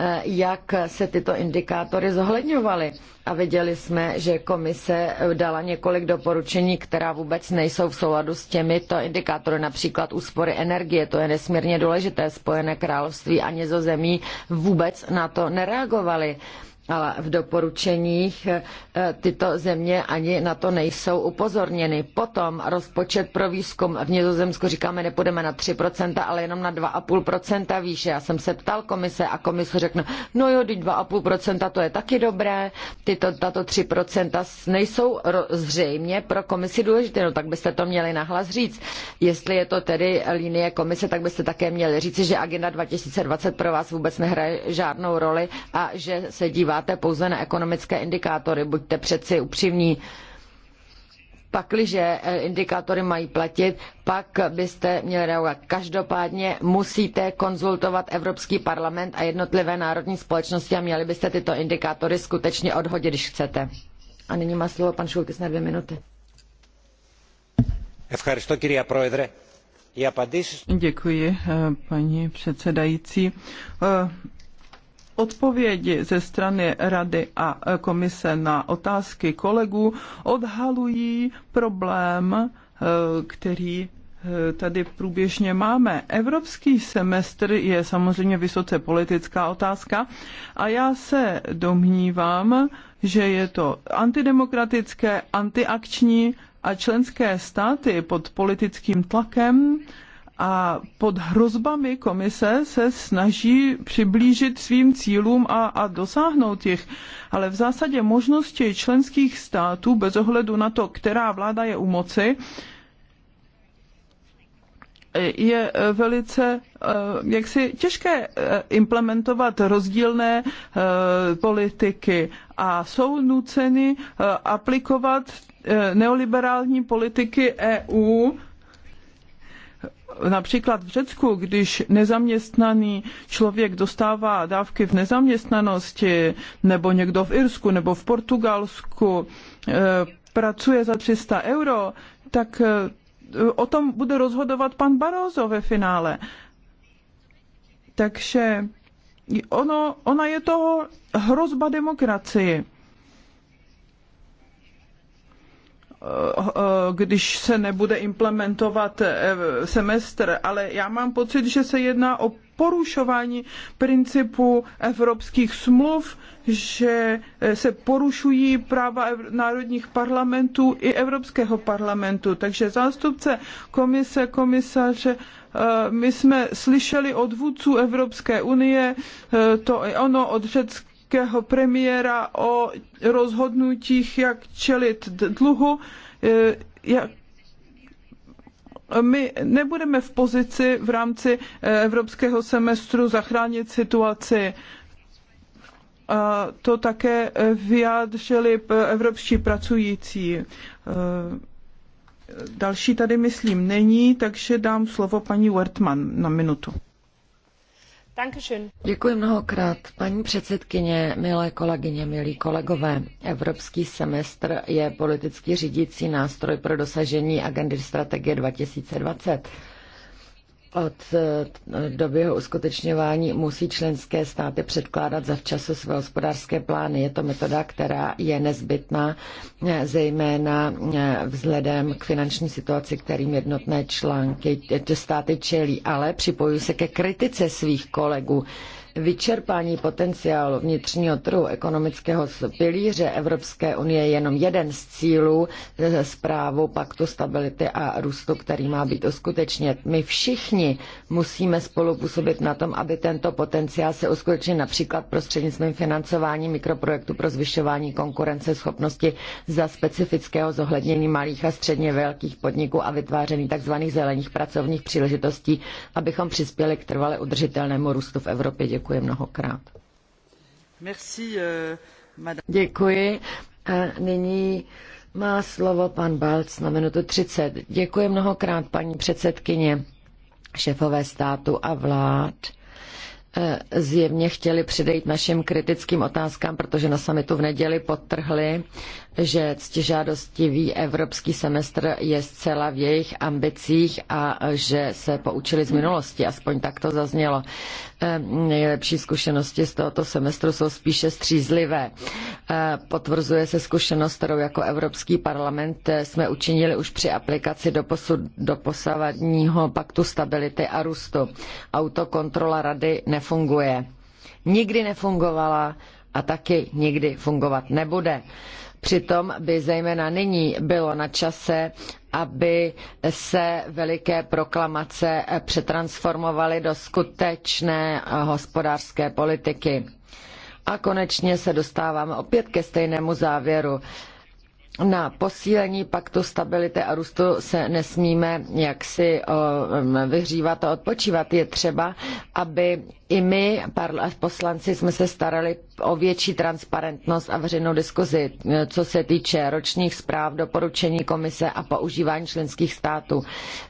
eh, jak se tyto indikátory zohledňovaly. A viděli jsme, že komise dala několik doporučení, která vůbec nejsou v souladu s těmito indikátory, například úspory energie, to je nesmírně důležité. Spojené království a nizozemí vůbec na to nereagovaly ale v doporučeních eh, tyto země ani na to nejsou upozorněny. Potom rozpočet pro výzkum v Nizozemsku říkáme, nepůjdeme na 3%, ale jenom na 2,5% výše. Já jsem se ptal komise a komise řekne, no jo, teď 2,5% to je taky dobré, tyto, tato 3% nejsou zřejmě pro komisi důležité, no tak byste to měli nahlas říct. Jestli je to tedy linie komise, tak byste také měli říci, že agenda 2020 pro vás vůbec nehraje žádnou roli a že se díváte koukáte pouze na ekonomické indikátory, buďte přeci upřímní. Pakliže eh, indikátory mají platit, pak byste měli reagovat. Každopádně musíte konzultovat Evropský parlament a jednotlivé národní společnosti a měli byste tyto indikátory skutečně odhodit, když chcete. A nyní má slovo pan Šulkis na dvě minuty. Děkuji, eh, paní předsedající eh, odpovědi ze strany Rady a komise na otázky kolegů odhalují problém, eh, který eh, tady průběžně máme. Evropský semestr je samozřejmě vysoce politická otázka a já se domnívám, že je to antidemokratické, antiakční a členské státy pod politickým tlakem a pod hrozbami komise se snaží přiblížit svým cílům a, a dosáhnout jich. Ale v zásadě možnosti členských států, bez ohledu na to, která vláda je u moci, je eh, velice eh, jaksi těžké eh, implementovat rozdílné politiky a jsou nuceny aplikovat neoliberální politiky EU, například v Řecku, když nezaměstnaný člověk dostává dávky v nezaměstnanosti, nebo někdo v Irsku, nebo v Portugalsku, eh, pracuje za 300 euro, tak eh, o tom bude rozhodovat pan Barroso ve finále. Takže ono, ona je to hrozba demokracii. Eh, eh, když se nebude implementovat eh, semestr, ale já mám pocit, že se jedná o porušování principu evropských smluv, že se porušují práva národních parlamentů i Evropského parlamentu. Takže zástupce komise, komisaře, my jsme slyšeli od vůdců Evropské unie, to i ono, od Řecka, irského premiéra o rozhodnutích, jak čelit dluhu, e, my nebudeme v pozici v rámci e, evropského semestru zachránit situaci. A to také vyjádřili evropští pracující. E, další tady, myslím, není, takže dám slovo paní Wertmann na minutu. Děkuji mnohokrát, paní předsedkyně, milé kolegyně, milí kolegové. Evropský semestr je politický řídící nástroj pro dosažení agendy strategie 2020 od eh, doby jeho uskutečňování musí členské státy předkládat za včasu své hospodářské plány. Je to metoda, která je nezbytná, eh, zejména eh, vzhledem k finanční situaci, kterým jednotné články státy čelí. Ale připojuji se ke kritice svých kolegů vyčerpání potenciálu vnitřního trhu ekonomického pilíře Evropské unie je jenom jeden z cílů ze zprávu Paktu stability a růstu, který má být uskutečněn. My všichni musíme spolupůsobit na tom, aby tento potenciál se uskutečnil například prostřednictvím financování mikroprojektů pro zvyšování konkurenceschopnosti za specifického zohlednění malých a středně velkých podniků a vytváření tzv. zelených pracovních příležitostí, abychom přispěli k trvale udržitelnému růstu v Evropě. Děkuji. Děkuji mnohokrát. Merci, uh, Děkuji. A nyní má slovo pan Balc na minutu 30. Děkuji mnohokrát, paní předsedkyně, šefové státu a vlád Eh, zjevně chtěli předejít našim kritickým otázkám, protože na samitu v neděli podtrhli, že ctižádostivý evropský semestr je zcela v jejich ambicích a že se poučili z minulosti, aspoň tak to zaznělo. Eh, nejlepší zkušenosti z tohoto semestru jsou spíše střízlivé. Eh, potvrzuje se zkušenost, kterou jako Evropský parlament jsme učinili už při aplikaci do, posud, do posavadního paktu stability a růstu. Autokontrola rady ne nefunguje. Nikdy nefungovala a taky nikdy fungovat nebude. Přitom by zejména nyní bylo na čase, aby se veliké proklamace přetransformovaly do skutečné hospodářské politiky. A konečně se dostáváme opět ke stejnému závěru. Na posílení paktu stability a růstu se nesmíme jaksi vyhřívat a odpočívat. Je třeba, aby i my, poslanci, jsme se starali o větší transparentnost a veřejnou diskuzi, e, co se týče ročních zpráv, doporučení komise a používání členských států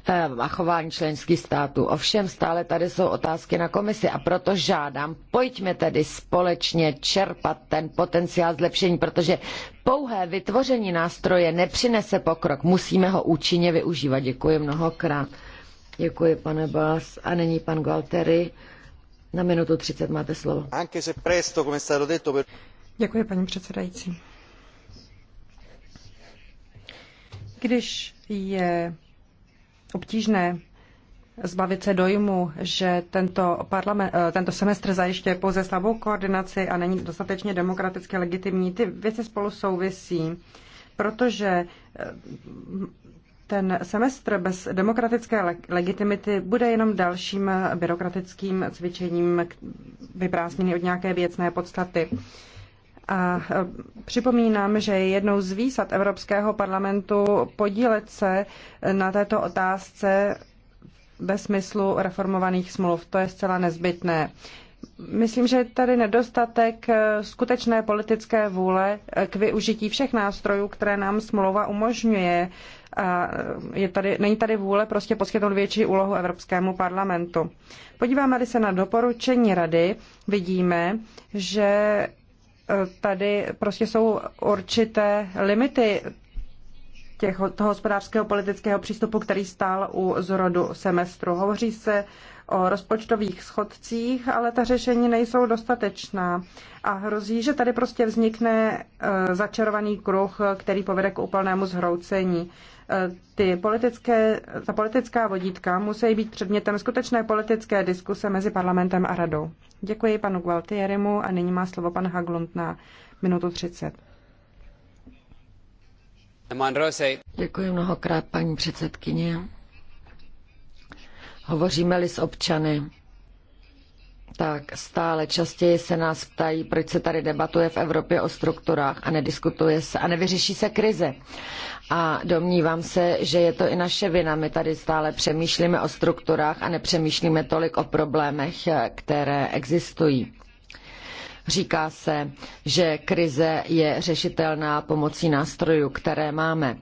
e, a chování členských států. Ovšem stále tady jsou otázky na komisi a proto žádám, pojďme tedy společně čerpat ten potenciál zlepšení, protože pouhé vytvoření nástroje nepřinese pokrok. Musíme ho účinně využívat. Děkuji mnohokrát. Děkuji, pane Bas A není pan Gualteri. Na minutu 30 máte slovo. Děkuji, paní předsedající. Když je obtížné zbavit se dojmu, že tento, parlament, eh, tento semestr zajišťuje pouze slabou koordinaci a není dostatečně demokraticky legitimní, ty věci spolu souvisí, protože eh, ten semestr bez demokratické legitimity bude jenom dalším byrokratickým cvičením vyprázdněný od nějaké věcné podstaty. A e, připomínám, že je jednou z výsad Evropského parlamentu podílet se na této otázce ve smyslu reformovaných smluv. To je zcela nezbytné. Myslím, že je tady nedostatek e, skutečné politické vůle e, k využití všech nástrojů, které nám smlouva umožňuje a eh, je tady, není tady vůle prostě poskytnout větší úlohu Evropskému parlamentu. Podíváme-li se na doporučení rady, vidíme, že eh, tady prostě jsou určité limity těch, toho hospodářského politického přístupu, který stál u zrodu semestru. Hovoří se o rozpočtových schodcích, ale ta řešení nejsou dostatečná a hrozí, že tady prostě vznikne e, začarovaný kruh, který povede k úplnému zhroucení. E, ty politické, ta politická vodítka musí být předmětem skutečné politické diskuse mezi parlamentem a radou. Děkuji panu Gualtierimu a nyní má slovo pan Haglund na minutu 30. Děkuji mnohokrát, paní předsedkyně. Hovoříme-li s občany, tak stále častěji se nás ptají, proč se tady debatuje v Evropě o strukturách a nediskutuje se a nevyřeší se krize. A domnívám se, že je to i naše vina. My tady stále přemýšlíme o strukturách a nepřemýšlíme tolik o problémech, které existují. Říká se, že krize je řešitelná pomocí nástrojů, které máme.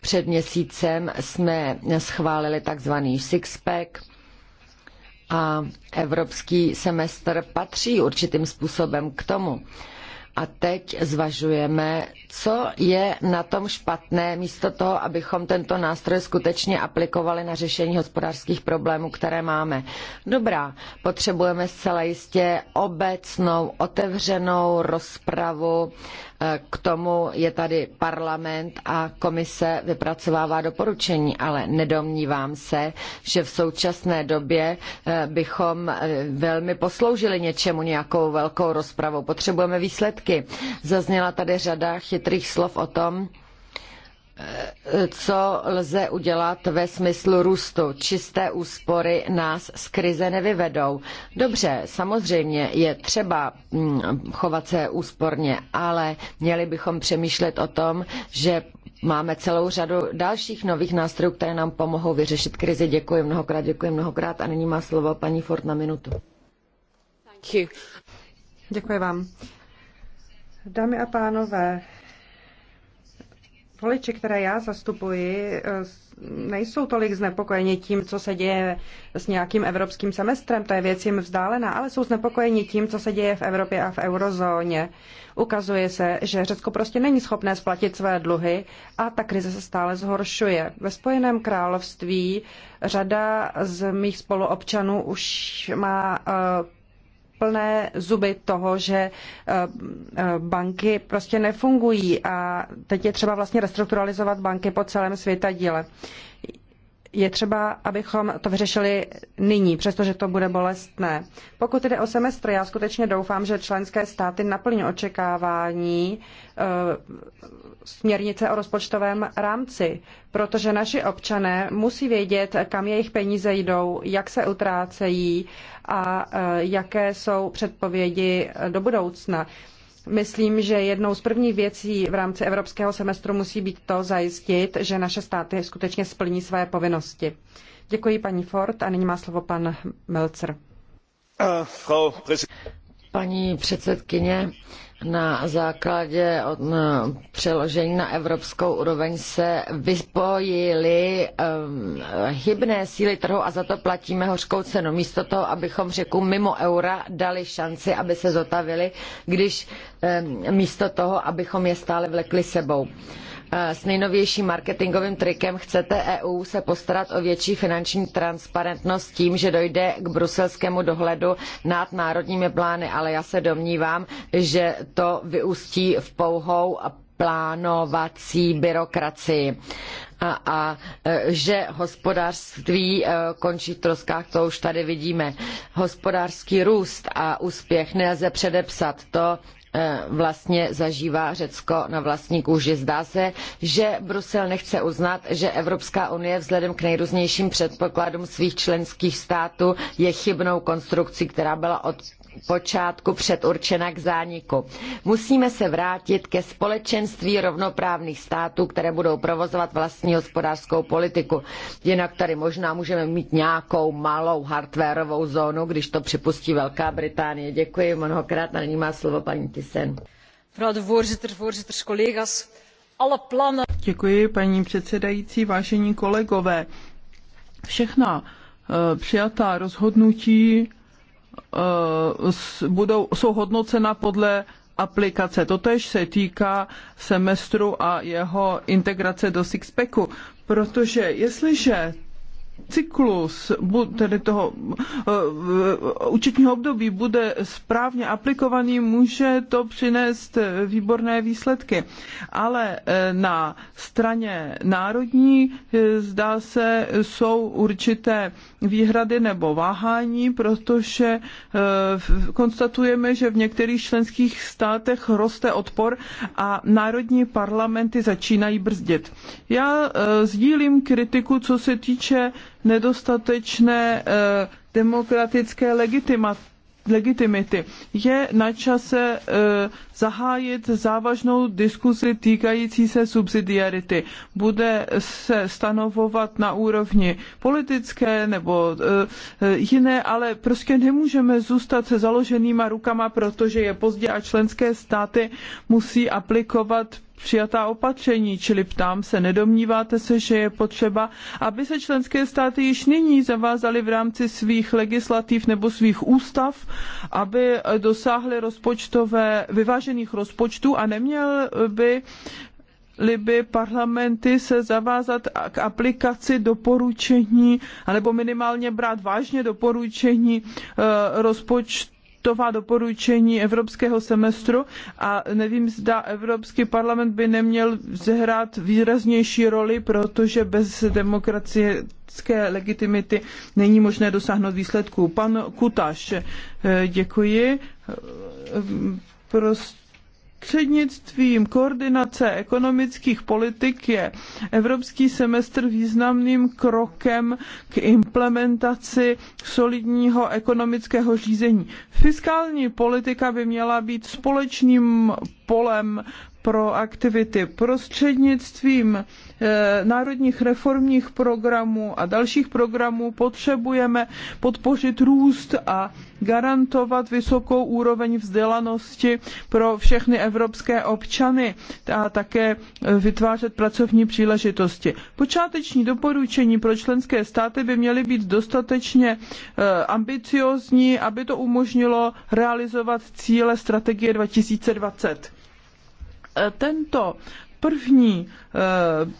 Před měsícem jsme schválili takzvaný six-pack, a evropský semestr patří určitým způsobem k tomu. A teď zvažujeme, co je na tom špatné, místo toho, abychom tento nástroj skutečně aplikovali na řešení hospodářských problémů, které máme. Dobrá, potřebujeme zcela jistě obecnou, otevřenou rozpravu k tomu je tady parlament a komise vypracovává doporučení, ale nedomnívám se, že v současné době eh, bychom eh, velmi posloužili něčemu nějakou velkou rozpravou. Potřebujeme výsledky. Zazněla tady řada chytrých slov o tom, co lze udělat ve smyslu růstu. Čisté úspory nás z krize nevyvedou. Dobře, samozřejmě je třeba mm, chovat se úsporně, ale měli bychom přemýšlet o tom, že máme celou řadu dalších nových nástrojů, které nám pomohou vyřešit krizi. Děkuji mnohokrát, děkuji mnohokrát a nyní má slovo paní Ford na minutu. Děkuji vám. Dámy a pánové, Voliči, které já zastupuji, eh, nejsou tolik znepokojeni tím, co se děje s nějakým evropským semestrem, to je věc jim vzdálená, ale jsou znepokojeni tím, co se děje v Evropě a v eurozóně. Ukazuje se, že Řecko prostě není schopné splatit své dluhy a ta krize se stále zhoršuje. Ve Spojeném království řada z mých spoluobčanů už má eh, plné zuby toho, že eh, eh, banky prostě nefungují a teď je třeba vlastně restrukturalizovat banky po celém světadíle. díle je třeba, abychom to vyřešili nyní, přestože to bude bolestné. Pokud jde o semestr, já skutečně doufám, že členské státy naplní očekávání e, směrnice o rozpočtovém rámci, protože naši občané musí vědět, kam jejich peníze jdou, jak se utrácejí a e, jaké jsou předpovědi do budoucna. Myslím, že jednou z prvních věcí v rámci evropského semestru musí být to zajistit, že naše státy skutečně splní své povinnosti. Děkuji paní Ford a nyní má slovo pan Melcer. Eh, paní předsedkyně, na základě na přeložení na evropskou úroveň se vypojily um, ehm, hybné síly trhu a za to platíme hořkou cenu. Místo toho, abychom řeku mimo eura dali šanci, aby se zotavili, když um, místo toho, abychom je stále vlekli sebou. Uh, Eh, s nejnovějším marketingovým trikem chcete EU se postarat o větší finanční transparentnost tím, že dojde k bruselskému dohledu nad národními plány, ale já se domnívám, že to vyústí v pouhou plánovací byrokracii. A, a, eh, že hospodářství eh, končí v troskách, to už tady vidíme. Hospodářský růst a úspěch nelze předepsat, to Eh, vlastně zažívá Řecko na vlastní kůži. Zdá se, že Brusel nechce uznat, že Evropská unie vzhledem k nejrůznějším předpokladům svých členských států je chybnou konstrukcí, která byla od počátku předurčena k zániku. Musíme se vrátit ke společenství rovnoprávných států, které budou provozovat vlastní hospodářskou politiku. Jinak tady možná můžeme mít nějakou malou hardwareovou zónu, když to připustí Velká Británie. Děkuji mnohokrát a nyní má slovo paní Tysen. Děkuji, paní předsedající, vážení kolegové. Všechna eh, přijatá rozhodnutí Eh, budou, jsou hodnocena podle aplikace. Totež se týká semestru a jeho integrace do Sixpacku, protože jestliže cyklus, tedy toho eh, účetního období, bude správně aplikovaný, může to přinést výborné výsledky. Ale eh, na straně národní, eh, zdá se, jsou určité výhrady nebo váhání, protože konstatujeme, že v některých členských státech roste odpor a národní parlamenty začínají brzdit. Já sdílím kritiku, co se týče nedostatečné eh, demokratické legitimity. Je na čase e, zahájit závažnou diskusi týkající se subsidiarity. Bude se stanovovat na úrovni politické nebo e, jiné, ale prostě nemůžeme zůstat se založenýma rukama, protože je pozdě a členské státy musí aplikovat přijatá opatření, čili ptám se, nedomníváte se, že je potřeba, aby se členské státy již nyní zavázaly v rámci svých legislativ nebo svých ústav, aby dosáhly rozpočtové, vyvážených rozpočtů a neměl by liby parlamenty se zavázat k aplikaci doporučení, anebo minimálně brát vážně doporučení eh, rozpočtu stová doporučení evropského semestru a nevím, zda Evropský parlament by neměl zehrát výraznější roli, protože bez demokracie legitimity není možné dosáhnout výsledků. Pan Kutaš, eh, děkuji. Prostě prostřednictvím koordinace ekonomických politik je evropský semestr významným krokem k implementaci solidního ekonomického řízení. Fiskální politika by měla být společným polem pro aktivity prostřednictvím eh, národních reformních programů a dalších programů potřebujeme podpořit růst a garantovat vysokou úroveň vzdělanosti pro všechny evropské občany a také vytvářet pracovní příležitosti. Počáteční doporučení pro členské státy by měly být dostatečně eh, ambiciozní, aby to umožnilo realizovat cíle strategie 2020 tento první eh,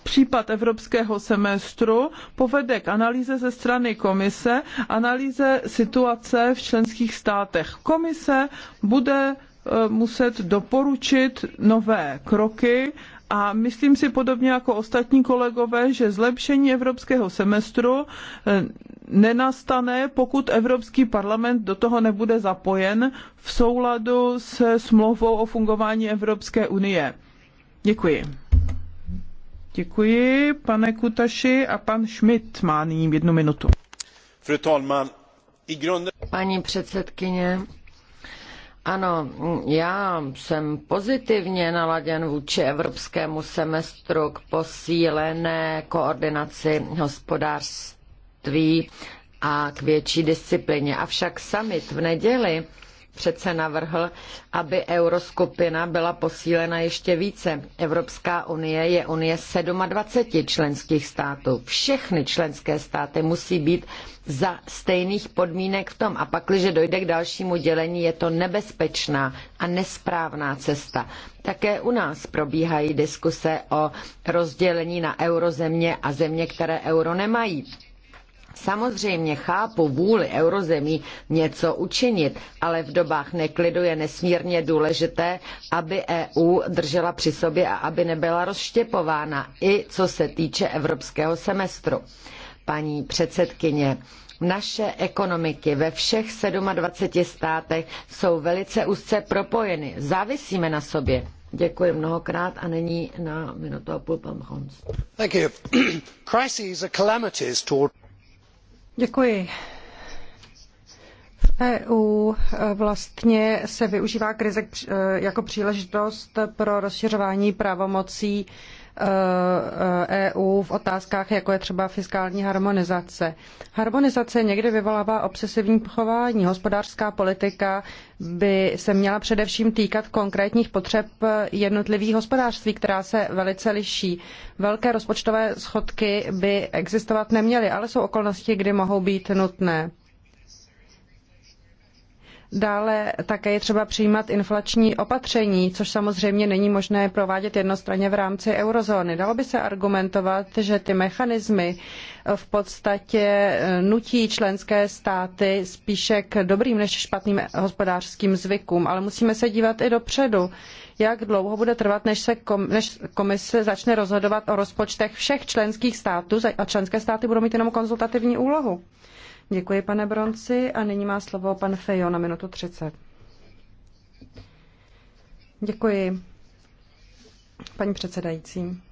případ evropského semestru povede k analýze ze strany komise, analýze situace v členských státech. Komise bude eh, muset doporučit nové kroky a myslím si podobně jako ostatní kolegové, že zlepšení evropského semestru eh, nenastane, pokud Evropský parlament do toho nebude zapojen v souladu se smlouvou o fungování Evropské unie. Děkuji. Děkuji, pane Kutaši, a pan Schmidt má nyní jednu minutu. Paní předsedkyně, ano, já jsem pozitivně naladěn vůči evropskému semestru k posílené koordinaci hospodářství školství a k větší disciplině. Avšak summit v neděli přece navrhl, aby euroskupina byla posílena ještě více. Evropská unie je unie 27 členských států. Všechny členské státy musí být za stejných podmínek v tom. A pak, když dojde k dalšímu dělení, je to nebezpečná a nesprávná cesta. Také u nás probíhají diskuse o rozdělení na eurozemě a země, které euro nemají Samozřejmě chápu vůli eurozemí něco učinit, ale v dobách neklidu je nesmírně důležité, aby EU držela při sobě a aby nebyla rozštěpována, i co se týče evropského semestru. Paní předsedkyně, naše ekonomiky ve všech 27 státech jsou velice úzce propojeny. Závisíme na sobě. Děkuji mnohokrát a nyní na minutu a půl pan Hons. Děkuji. V EU e, vlastně se využívá krize e, jako příležitost pro rozšiřování pravomocí Eh, eh, EU v otázkách, jako je třeba fiskální harmonizace. Harmonizace někdy vyvolává obsesivní chování. Hospodářská politika by se měla především týkat konkrétních potřeb jednotlivých hospodářství, která se velice liší. Velké rozpočtové schodky by existovat neměly, ale jsou okolnosti, kdy mohou být nutné. Dále také je třeba přijímat inflační opatření, což samozřejmě není možné provádět jednostranně v rámci eurozóny. Dalo by se argumentovat, že ty mechanismy v podstatě eh, nutí členské státy spíše k dobrým než špatným hospodářským zvykům, ale musíme se dívat i dopředu jak dlouho bude trvat, než, se kom, než komise začne rozhodovat o rozpočtech všech členských států a členské státy budou mít jenom konzultativní úlohu. Děkuji, pane Bronci. A nyní má slovo pan Fejo na minutu 30. Děkuji, paní předsedající.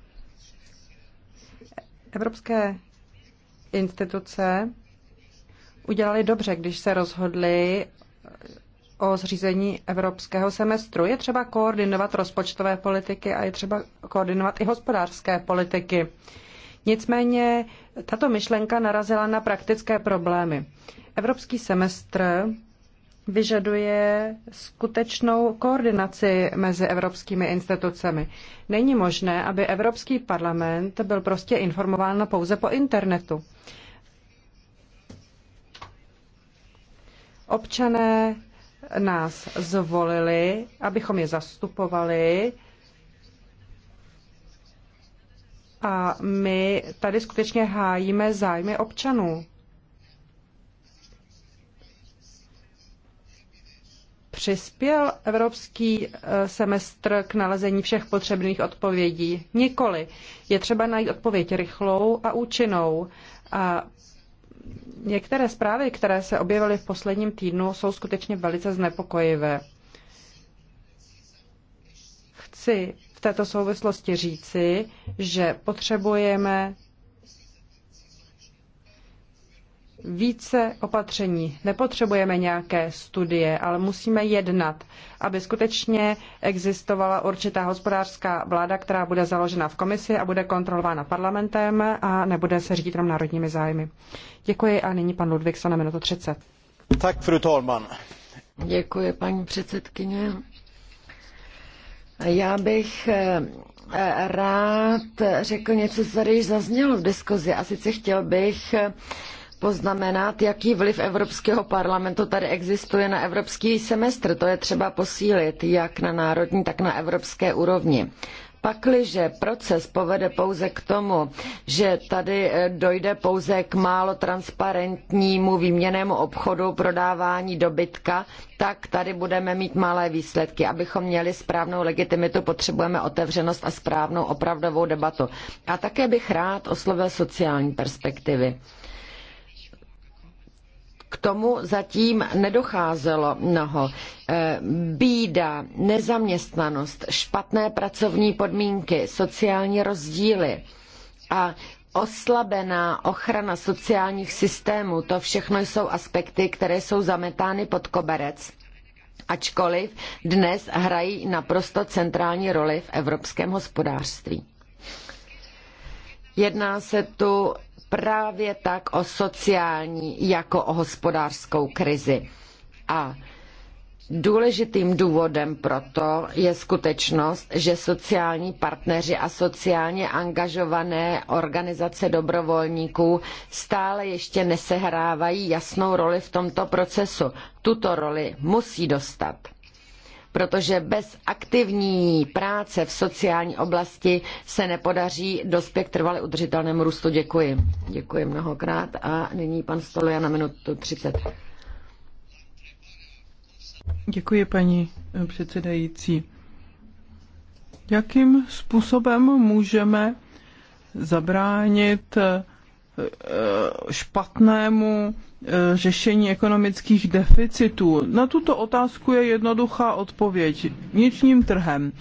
Evropské instituce udělali dobře, když se rozhodli o zřízení evropského semestru. Je třeba koordinovat rozpočtové politiky a je třeba koordinovat i hospodářské politiky. Nicméně tato myšlenka narazila na praktické problémy. Evropský semestr vyžaduje skutečnou koordinaci mezi evropskými institucemi. Není možné, aby Evropský parlament byl prostě informován pouze po internetu. Občané nás zvolili, abychom je zastupovali a my tady skutečně hájíme zájmy občanů. Přispěl evropský eh, semestr k nalezení všech potřebných odpovědí? Nikoli. Je třeba najít odpověď rychlou a účinnou. A některé zprávy, které se objevily v posledním týdnu, jsou skutečně velice znepokojivé. Chci této souvislosti říci, že potřebujeme více opatření. Nepotřebujeme nějaké studie, ale musíme jednat, aby skutečně existovala určitá hospodářská vláda, která bude založena v komisi a bude kontrolována parlamentem a nebude se řídit jenom národními zájmy. Děkuji a nyní pan Ludvík na minutu 30. Tak, fru Tolman. Děkuji, paní předsedkyně. Já bych eh, eh, rád řekl něco, co tady již zaznělo v diskuzi. A sice chtěl bych eh, poznamenat, jaký vliv Evropského parlamentu tady existuje na evropský semestr. To je třeba posílit jak na národní, tak na evropské úrovni. Pakliže proces povede pouze k tomu, že tady eh, dojde pouze k málo transparentnímu výměnému obchodu prodávání dobytka, tak tady budeme mít malé výsledky. Abychom měli správnou legitimitu, potřebujeme otevřenost a správnou opravdovou debatu. A také bych rád oslovil sociální perspektivy. K tomu zatím nedocházelo mnoho. E, bída, nezaměstnanost, špatné pracovní podmínky, sociální rozdíly a oslabená ochrana sociálních systémů, to všechno jsou aspekty, které jsou zametány pod koberec ačkoliv dnes hrají naprosto centrální roli v evropském hospodářství. Jedná se tu právě tak o sociální jako o hospodářskou krizi. A Důležitým důvodem proto je skutečnost, že sociální partneři a sociálně angažované organizace dobrovolníků stále ještě nesehrávají jasnou roli v tomto procesu. Tuto roli musí dostat protože bez aktivní práce v sociální oblasti se nepodaří dospět k trvale udržitelnému růstu. Děkuji. Děkuji mnohokrát a nyní pan Stoloja na minutu 30. Děkuji, paní předsedající. Jakým způsobem můžeme zabránit eh, špatnému Eh, řešení ekonomických deficitů? Na tuto otázku je jednoduchá odpověď. Vnitřním trhem.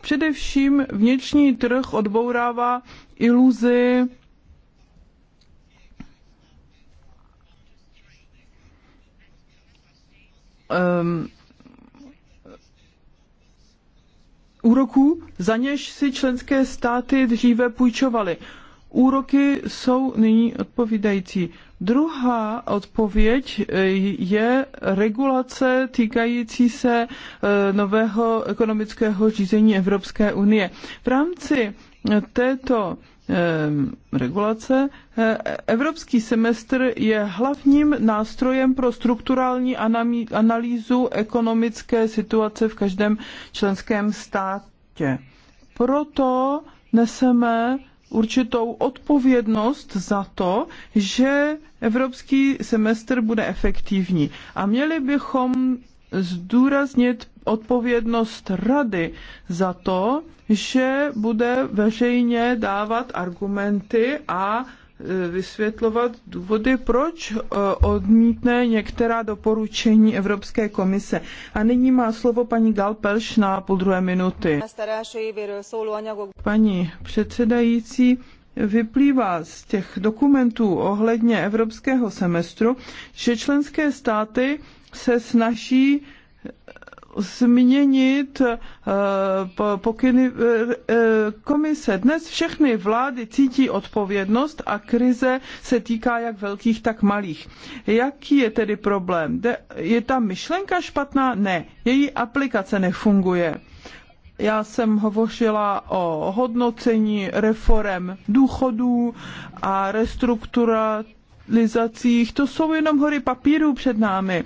Především vnitřní trh odbourává iluzi um, úroků, za něž si členské státy dříve půjčovaly úroky jsou nyní odpovídající. Druhá odpověď eh, je regulace týkající se eh, nového ekonomického řízení Evropské unie. V rámci eh, této regulace. Evropský semestr je hlavním nástrojem pro strukturální analýzu ekonomické situace v každém členském státě. Proto neseme určitou odpovědnost za to, že evropský semestr bude efektivní. A měli bychom zdůraznit odpovědnost rady za to, že bude veřejně dávat argumenty a Eh, vysvětlovat důvody, proč eh, odmítne některá doporučení Evropské komise. A nyní má slovo paní Galpelš na půl druhé minuty. Paní předsedající, vyplývá z těch dokumentů ohledně evropského semestru, že členské státy se snaží změnit eh, pokyny eh, eh, komise. Dnes všechny vlády cítí odpovědnost a krize se týká jak velkých, tak malých. Jaký je tedy problém? Je ta myšlenka špatná? Ne. Její aplikace nefunguje. Já jsem hovořila o hodnocení reform důchodů a restrukturalizacích. To jsou jenom hory papíru před námi.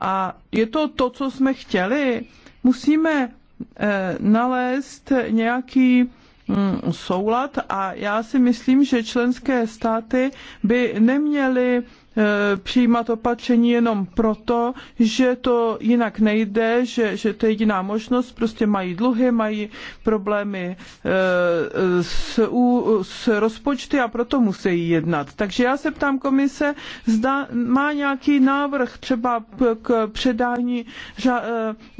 A je to to, co jsme chtěli. Musíme eh, nalézt nějaký mm, soulad a já si myslím, že členské státy by neměly Eh, přijímat opatření jenom proto, že to jinak nejde, že, že to je jediná možnost, prostě mají dluhy, mají problémy eh, s, s rozpočty a proto musí jednat. Takže já se ptám komise, zda má nějaký návrh třeba k předání eh,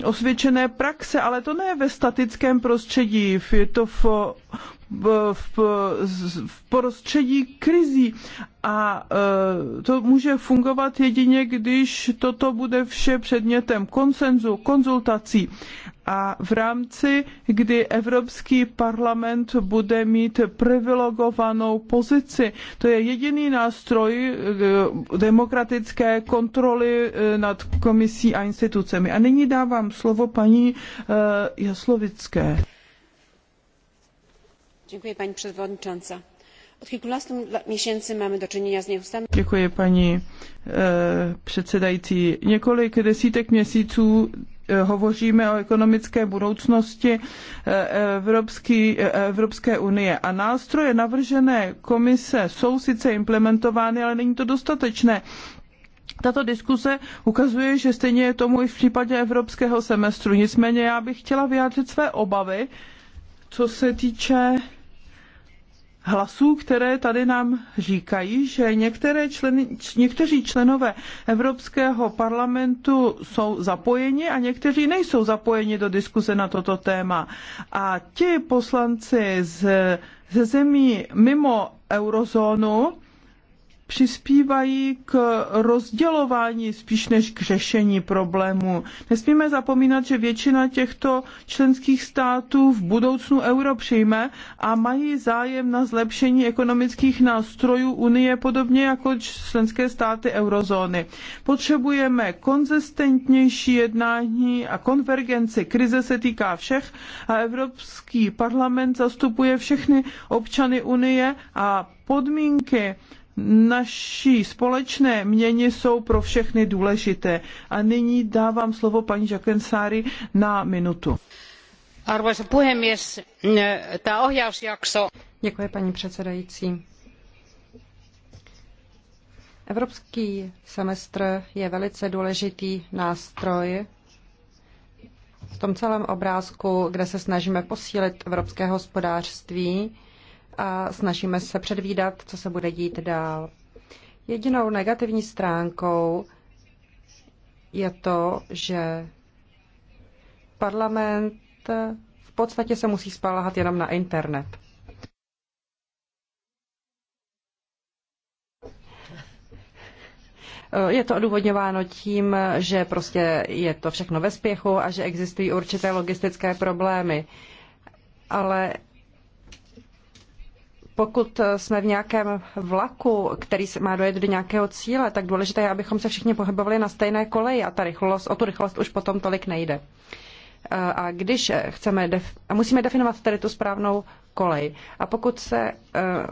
osvědčené praxe, ale to ne ve statickém prostředí, je to v v, v, prostředí krizí. A e, to může fungovat jedině, když toto bude vše předmětem konsenzu, konzultací a v rámci, kdy Evropský parlament bude mít privilegovanou pozici. To je jediný nástroj e, demokratické kontroly e, nad komisí a institucemi. A nyní dávám slovo paní Jaslovické paní předsedající od kilkunastu měsíců máme do činění s neustálým. Děkuji pani eh, předsedající. Několik desítek měsíců eh, hovoříme o ekonomické budoucnosti eh, Evropský, Evropské unie. A nástroje navržené komise jsou sice implementovány, ale není to dostatečné. Tato diskuse ukazuje, že stejně je tomu i v případě evropského semestru. Nicméně já bych chtěla vyjádřit své obavy, co se týče hlasů, které tady nám říkají, že některé členy, někteří členové Evropského parlamentu jsou zapojeni a někteří nejsou zapojeni do diskuze na toto téma. A ti poslanci z, ze zemí mimo eurozónu, přispívají k rozdělování spíš než k řešení problému. Nesmíme zapomínat, že většina těchto členských států v budoucnu euro přijme a mají zájem na zlepšení ekonomických nástrojů Unie, podobně jako členské státy eurozóny. Potřebujeme konzistentnější jednání a konvergenci. Krize se týká všech a Evropský parlament zastupuje všechny občany Unie a podmínky naší společné měně jsou pro všechny důležité. A nyní dávám slovo paní Jakensári na minutu. Arvoisa puhemies, tämä ohjausjakso... Děkuji, paní předsedající. Evropský semestr je velice důležitý nástroj v tom celém obrázku, kde se snažíme posílit evropské hospodářství a snažíme se předvídat, co se bude dít dál. Jedinou negativní stránkou je to, že parlament v podstatě se musí spaláhat jenom na internet. Je to odůvodňováno tím, že prostě je to všechno ve spěchu a že existují určité logistické problémy. Ale pokud jsme v nějakém vlaku, který má dojet do nějakého cíle, tak důležité je, abychom se všichni pohybovali na stejné koleji a ta rychlost, o tu rychlost už potom tolik nejde. A když chceme, def- a musíme definovat tedy tu správnou kolej. A pokud se e,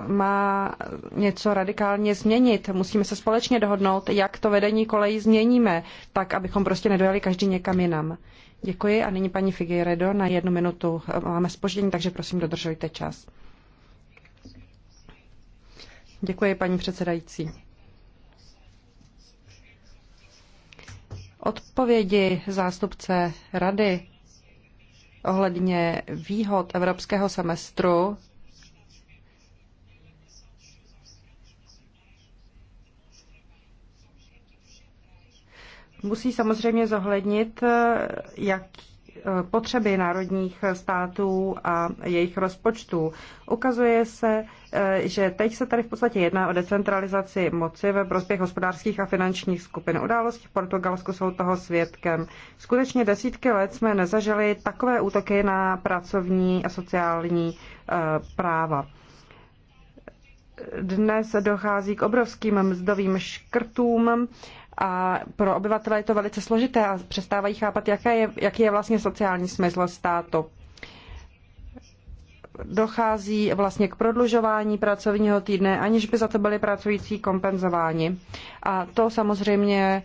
má něco radikálně změnit, musíme se společně dohodnout, jak to vedení kolejí změníme, tak abychom prostě nedojeli každý někam jinam. Děkuji a nyní paní Figueiredo na jednu minutu. E, máme spoždění, takže prosím dodržujte čas. Děkuji, paní předsedající. Odpovědi zástupce rady ohledně výhod evropského semestru musí samozřejmě zohlednit, jak Eh, potřeby národních států a jejich rozpočtů. Ukazuje se, eh, že teď se tady v podstatě jedná o decentralizaci moci ve prospěch hospodářských a finančních skupin. Události v Portugalsku jsou toho svědkem. Skutečně desítky let jsme nezažili takové útoky na pracovní a sociální eh, práva. Dnes dochází k obrovským mzdovým škrtům a pro obyvatele je to velice složité a přestávají chápat, jaké je, jaký je vlastně sociální smysl státu. Dochází vlastně k prodlužování pracovního týdne, aniž by za to byli pracující kompenzováni. A to samozřejmě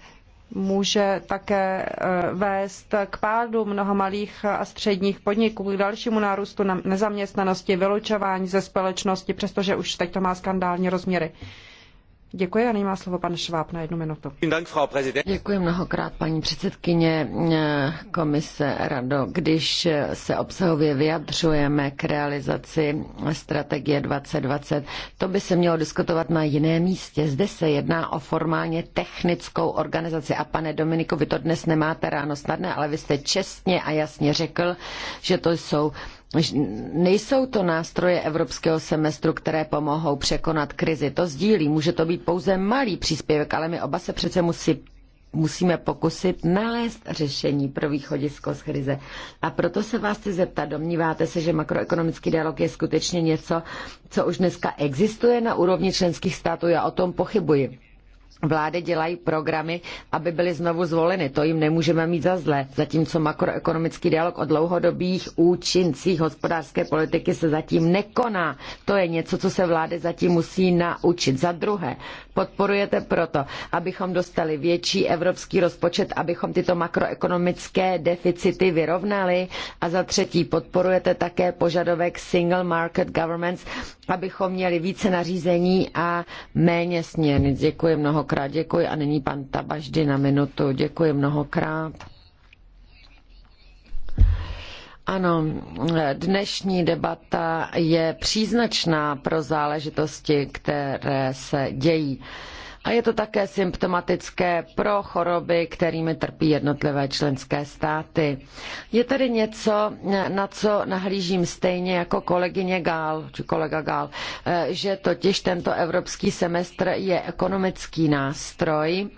může také eh, vést k pádu mnoha malých a středních podniků, k dalšímu nárůstu nezaměstnanosti, vylučování ze společnosti, přestože už teď to má skandální rozměry. Děkuji a nyní má slovo pan Šváb na jednu minutu. Děkuji mnohokrát, paní předsedkyně eh, komise Rado. Když se obsahově vyjadřujeme k realizaci strategie 2020, to by se mělo diskutovat na jiném místě. Zde se jedná o formálně technickou organizaci. A pane Dominiku, vy to dnes nemáte ráno snadné, ale vy jste čestně a jasně řekl, že to jsou Nejsou to nástroje evropského semestru, které pomohou překonat krizi. To sdílí. Může to být pouze malý příspěvek, ale my oba se přece musí, musíme pokusit nalézt řešení pro východisko z krize. A proto se vás chci zeptat, domníváte se, že makroekonomický dialog je skutečně něco, co už dneska existuje na úrovni členských států? Já o tom pochybuji vlády dělají programy, aby byly znovu zvoleny. To jim nemůžeme mít za zlé. Zatímco makroekonomický dialog o dlouhodobých účincích hospodářské politiky se zatím nekoná. To je něco, co se vlády zatím musí naučit. Za druhé, podporujete proto, abychom dostali větší evropský rozpočet, abychom tyto makroekonomické deficity vyrovnali. A za třetí, podporujete také požadovek Single Market Governments, abychom měli více nařízení a méně směrnic. Děkuji mnohokrát mnohokrát děkuji a nyní pan Tabaždy na minutu. Děkuji mnohokrát. Ano, dnešní debata je příznačná pro záležitosti, které se dějí a je to také symptomatické pro choroby, kterými trpí jednotlivé členské státy. Je tady něco, na co nahlížím stejně jako kolegyně Gál, či kolega Gál, eh, že totiž tento evropský semestr je ekonomický nástroj,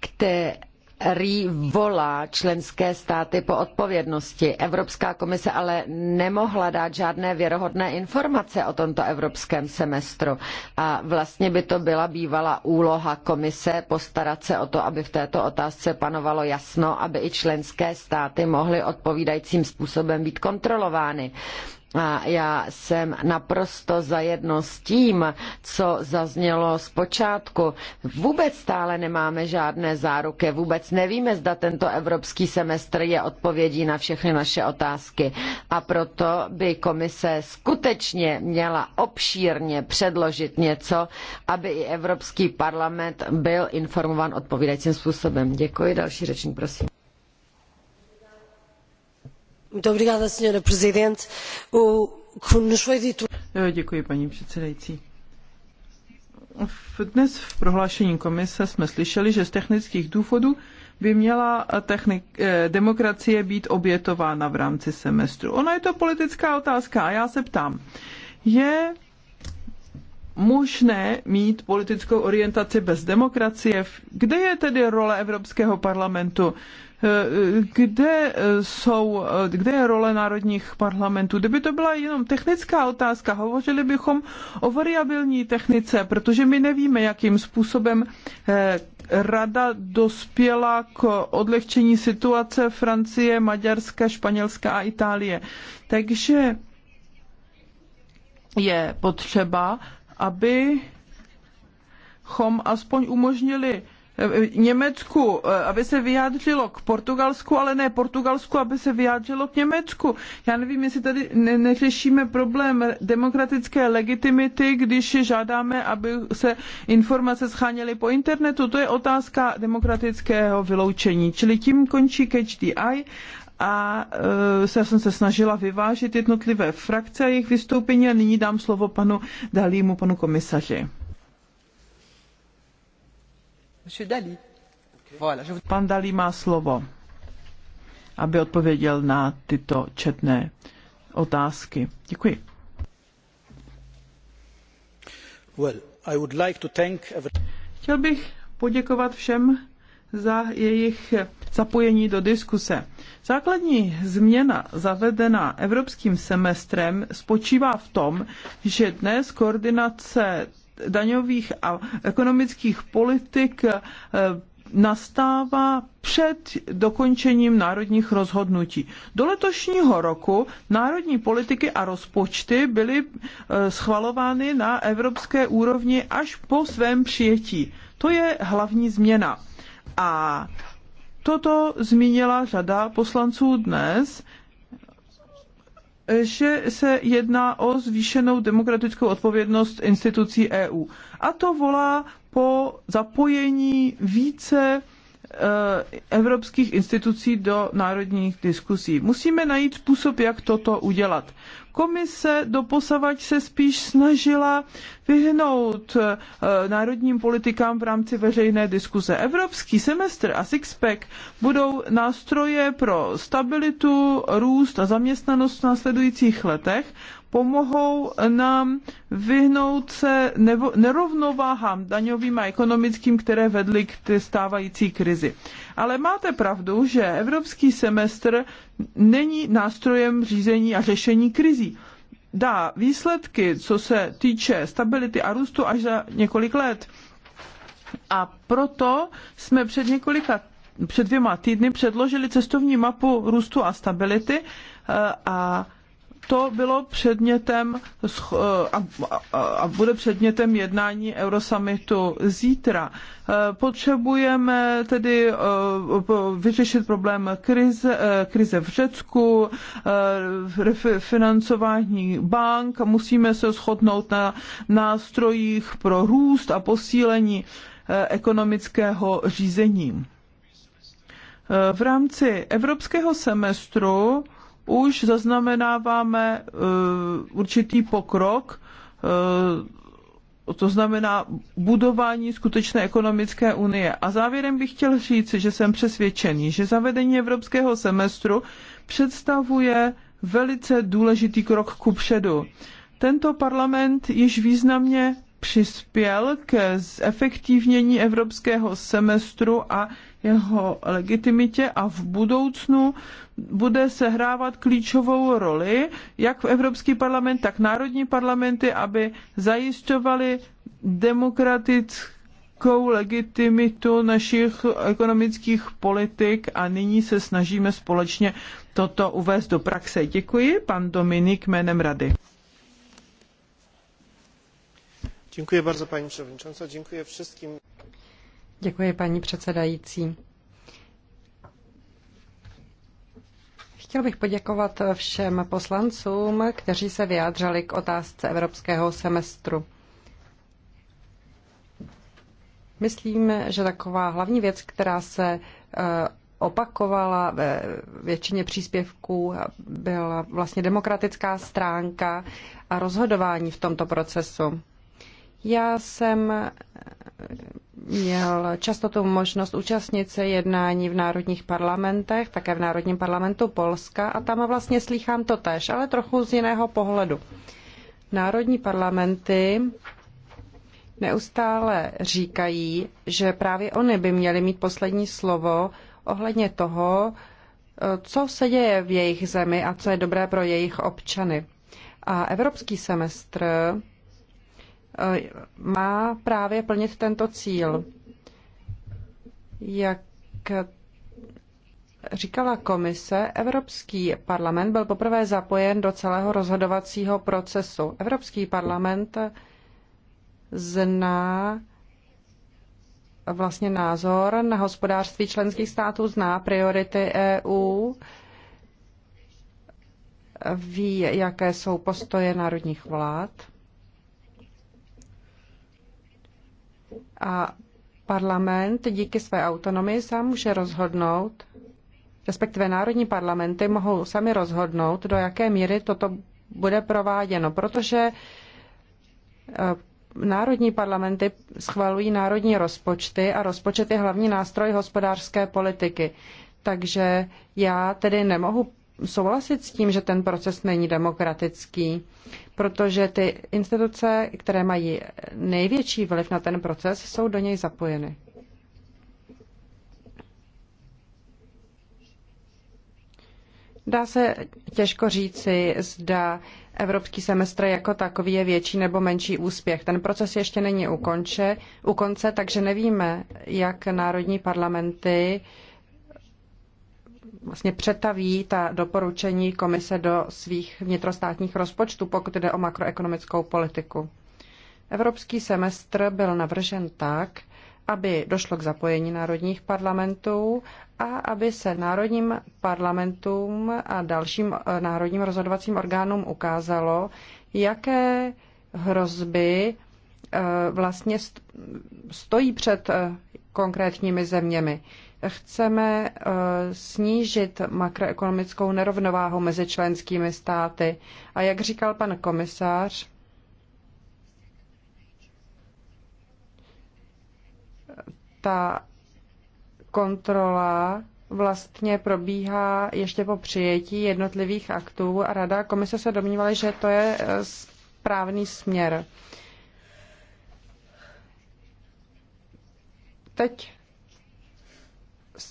který který volá členské státy po odpovědnosti. Evropská komise ale nemohla dát žádné věrohodné informace o tomto evropském semestru. A vlastně by to byla bývala úloha komise postarat se o to, aby v této otázce panovalo jasno, aby i členské státy mohly odpovídajícím způsobem být kontrolovány. A já jsem naprosto zajedno s tím, co zaznělo z počátku. Vůbec stále nemáme žádné záruky, vůbec nevíme, zda tento evropský semestr je odpovědí na všechny naše otázky. A proto by komise skutečně měla obšírně předložit něco, aby i Evropský parlament byl informován odpovídajícím způsobem. Děkuji, další řečník, prosím předsedající. Dnes v prohlášení komise jsme slyšeli, že z technických důvodů by měla technik, eh, demokracie být obětována v rámci semestru. Ona je to politická otázka a já se ptám, je možné mít politickou orientaci bez demokracie? Kde je tedy role Evropského parlamentu? kde, jsou, kde je role národních parlamentů. Kdyby to byla jenom technická otázka, hovořili bychom o variabilní technice, protože my nevíme, jakým způsobem eh, Rada dospěla k odlehčení situace Francie, Maďarska, Španělska a Itálie. Takže je potřeba, aby chom aspoň umožnili Německu, eh, aby se vyjádřilo k Portugalsku, ale ne Portugalsku, aby se vyjádřilo k Německu. Já nevím, jestli tady ne- neřešíme problém demokratické legitimity, když žádáme, aby se informace scháněly po internetu. To je otázka demokratického vyloučení. Čili tím končí Catch a eh, já jsem se snažila vyvážit jednotlivé frakce a jejich vystoupení a nyní dám slovo panu Dalímu, panu komisaři. Pan Dalí má slovo, aby odpověděl na tyto četné otázky. Děkuji. Well, I would like to thank Chtěl bych poděkovat všem za jejich zapojení do diskuse. Základní změna zavedená evropským semestrem spočívá v tom, že dnes koordinace daňových a ekonomických politik eh, nastává před dokončením národních rozhodnutí. Do letošního roku národní politiky a rozpočty byly eh, schvalovány na evropské úrovni až po svém přijetí. To je hlavní změna. A toto zmínila řada poslanců dnes že se jedná o zvýšenou demokratickou odpovědnost institucí EU. A to volá po zapojení více eh, evropských institucí do národních diskusí. Musíme najít způsob, jak toto udělat. Komise doposavač se spíš snažila vyhnout eh, národním politikám v rámci veřejné diskuze. Evropský semestr a Sixpack budou nástroje pro stabilitu, růst a zaměstnanost v následujících letech pomohou nám vyhnout se nerovnováhám daňovým a ekonomickým, které vedly k té stávající krizi. Ale máte pravdu, že evropský semestr není nástrojem řízení a řešení krizí dá výsledky, co se týče stability a růstu až za několik let. A proto jsme před několika před dvěma týdny předložili cestovní mapu růstu a stability eh, a to bylo předmětem a bude předmětem jednání Eurosummitu zítra. E, potřebujeme tedy e, vyřešit problém krize, e, krize v Řecku, financování bank, musíme se shodnout na nástrojích pro růst a posílení ekonomického řízení. V rámci evropského semestru už zaznamenáváme eh, určitý pokrok, eh, to znamená budování skutečné ekonomické unie. A závěrem bych chtěl říct, že jsem přesvědčený, že zavedení evropského semestru představuje velice důležitý krok ku předu. Tento parlament již významně přispěl ke zefektivnění evropského semestru a jeho legitimitě a v budoucnu bude sehrávat klíčovou roli, jak v Evropský parlament, tak národní parlamenty, aby zajišťovali demokratickou legitimitu našich ekonomických politik a nyní se snažíme společně toto uvést do praxe. Děkuji, pan Dominik jménem Rady. Děkuji bardzo, paní předsedající. Děkuji, paní předsedající. Chtěl bych poděkovat všem poslancům, kteří se vyjádřili k otázce evropského semestru. Myslím, že taková hlavní věc, která se e, opakovala ve většině příspěvků, byla vlastně demokratická stránka a rozhodování v tomto procesu. Já jsem měl často tu možnost účastnit se jednání v národních parlamentech, také v Národním parlamentu Polska a tam vlastně slýchám to tež, ale trochu z jiného pohledu. Národní parlamenty neustále říkají, že právě oni by měli mít poslední slovo ohledně toho, co se děje v jejich zemi a co je dobré pro jejich občany. A evropský semestr Eh, má právě plnit tento cíl. Jak říkala komise, Evropský parlament byl poprvé zapojen do celého rozhodovacího procesu. Evropský parlament zná vlastně názor na hospodářství členských států, zná priority EU, ví, jaké jsou postoje národních vlád. A parlament díky své autonomii sám může rozhodnout, respektive národní parlamenty mohou sami rozhodnout, do jaké míry toto bude prováděno, protože eh, národní parlamenty schvalují národní rozpočty a rozpočet je hlavní nástroj hospodářské politiky. Takže já tedy nemohu souhlasit s tím, že ten proces není demokratický protože ty instituce, které mají největší vliv na ten proces, jsou do něj zapojeny. Dá se těžko říci, zda evropský semestr jako takový je větší nebo menší úspěch. Ten proces ještě není u konce, u konce takže nevíme, jak národní parlamenty uh, vlastně přetaví ta doporučení komise do svých vnitrostátních rozpočtů, pokud jde o makroekonomickou politiku. Evropský semestr byl navržen tak, aby došlo k zapojení národních parlamentů a aby se národním parlamentům a dalším eh, národním rozhodovacím orgánům ukázalo, jaké hrozby eh, vlastně stojí před eh, konkrétními zeměmi chceme eh, snížit makroekonomickou nerovnováhu mezi členskými státy. A jak říkal pan komisář, ta kontrola vlastně probíhá ještě po přijetí jednotlivých aktů a Rada a komise se domnívaly, že to je eh, správný směr. Teď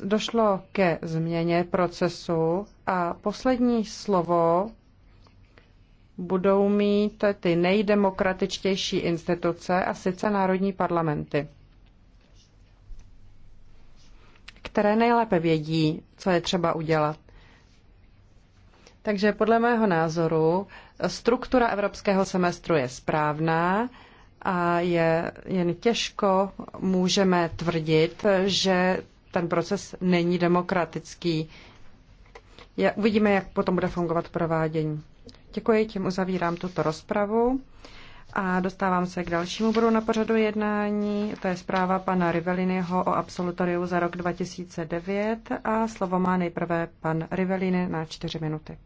došlo ke změně procesu a poslední slovo budou mít ty nejdemokratičtější instituce, a sice národní parlamenty, které nejlépe vědí, co je třeba udělat. Takže podle mého názoru struktura evropského semestru je správná a je jen těžko můžeme tvrdit, že ten proces není demokratický. Je, uvidíme, jak potom bude fungovat provádění. Děkuji, tím uzavírám tuto rozpravu. A dostávám se k dalšímu bodu na pořadu jednání. To je zpráva pana Riveliniho o absolutoriu za rok 2009 a slovo má nejprve pan Riveline na čtyři minuty.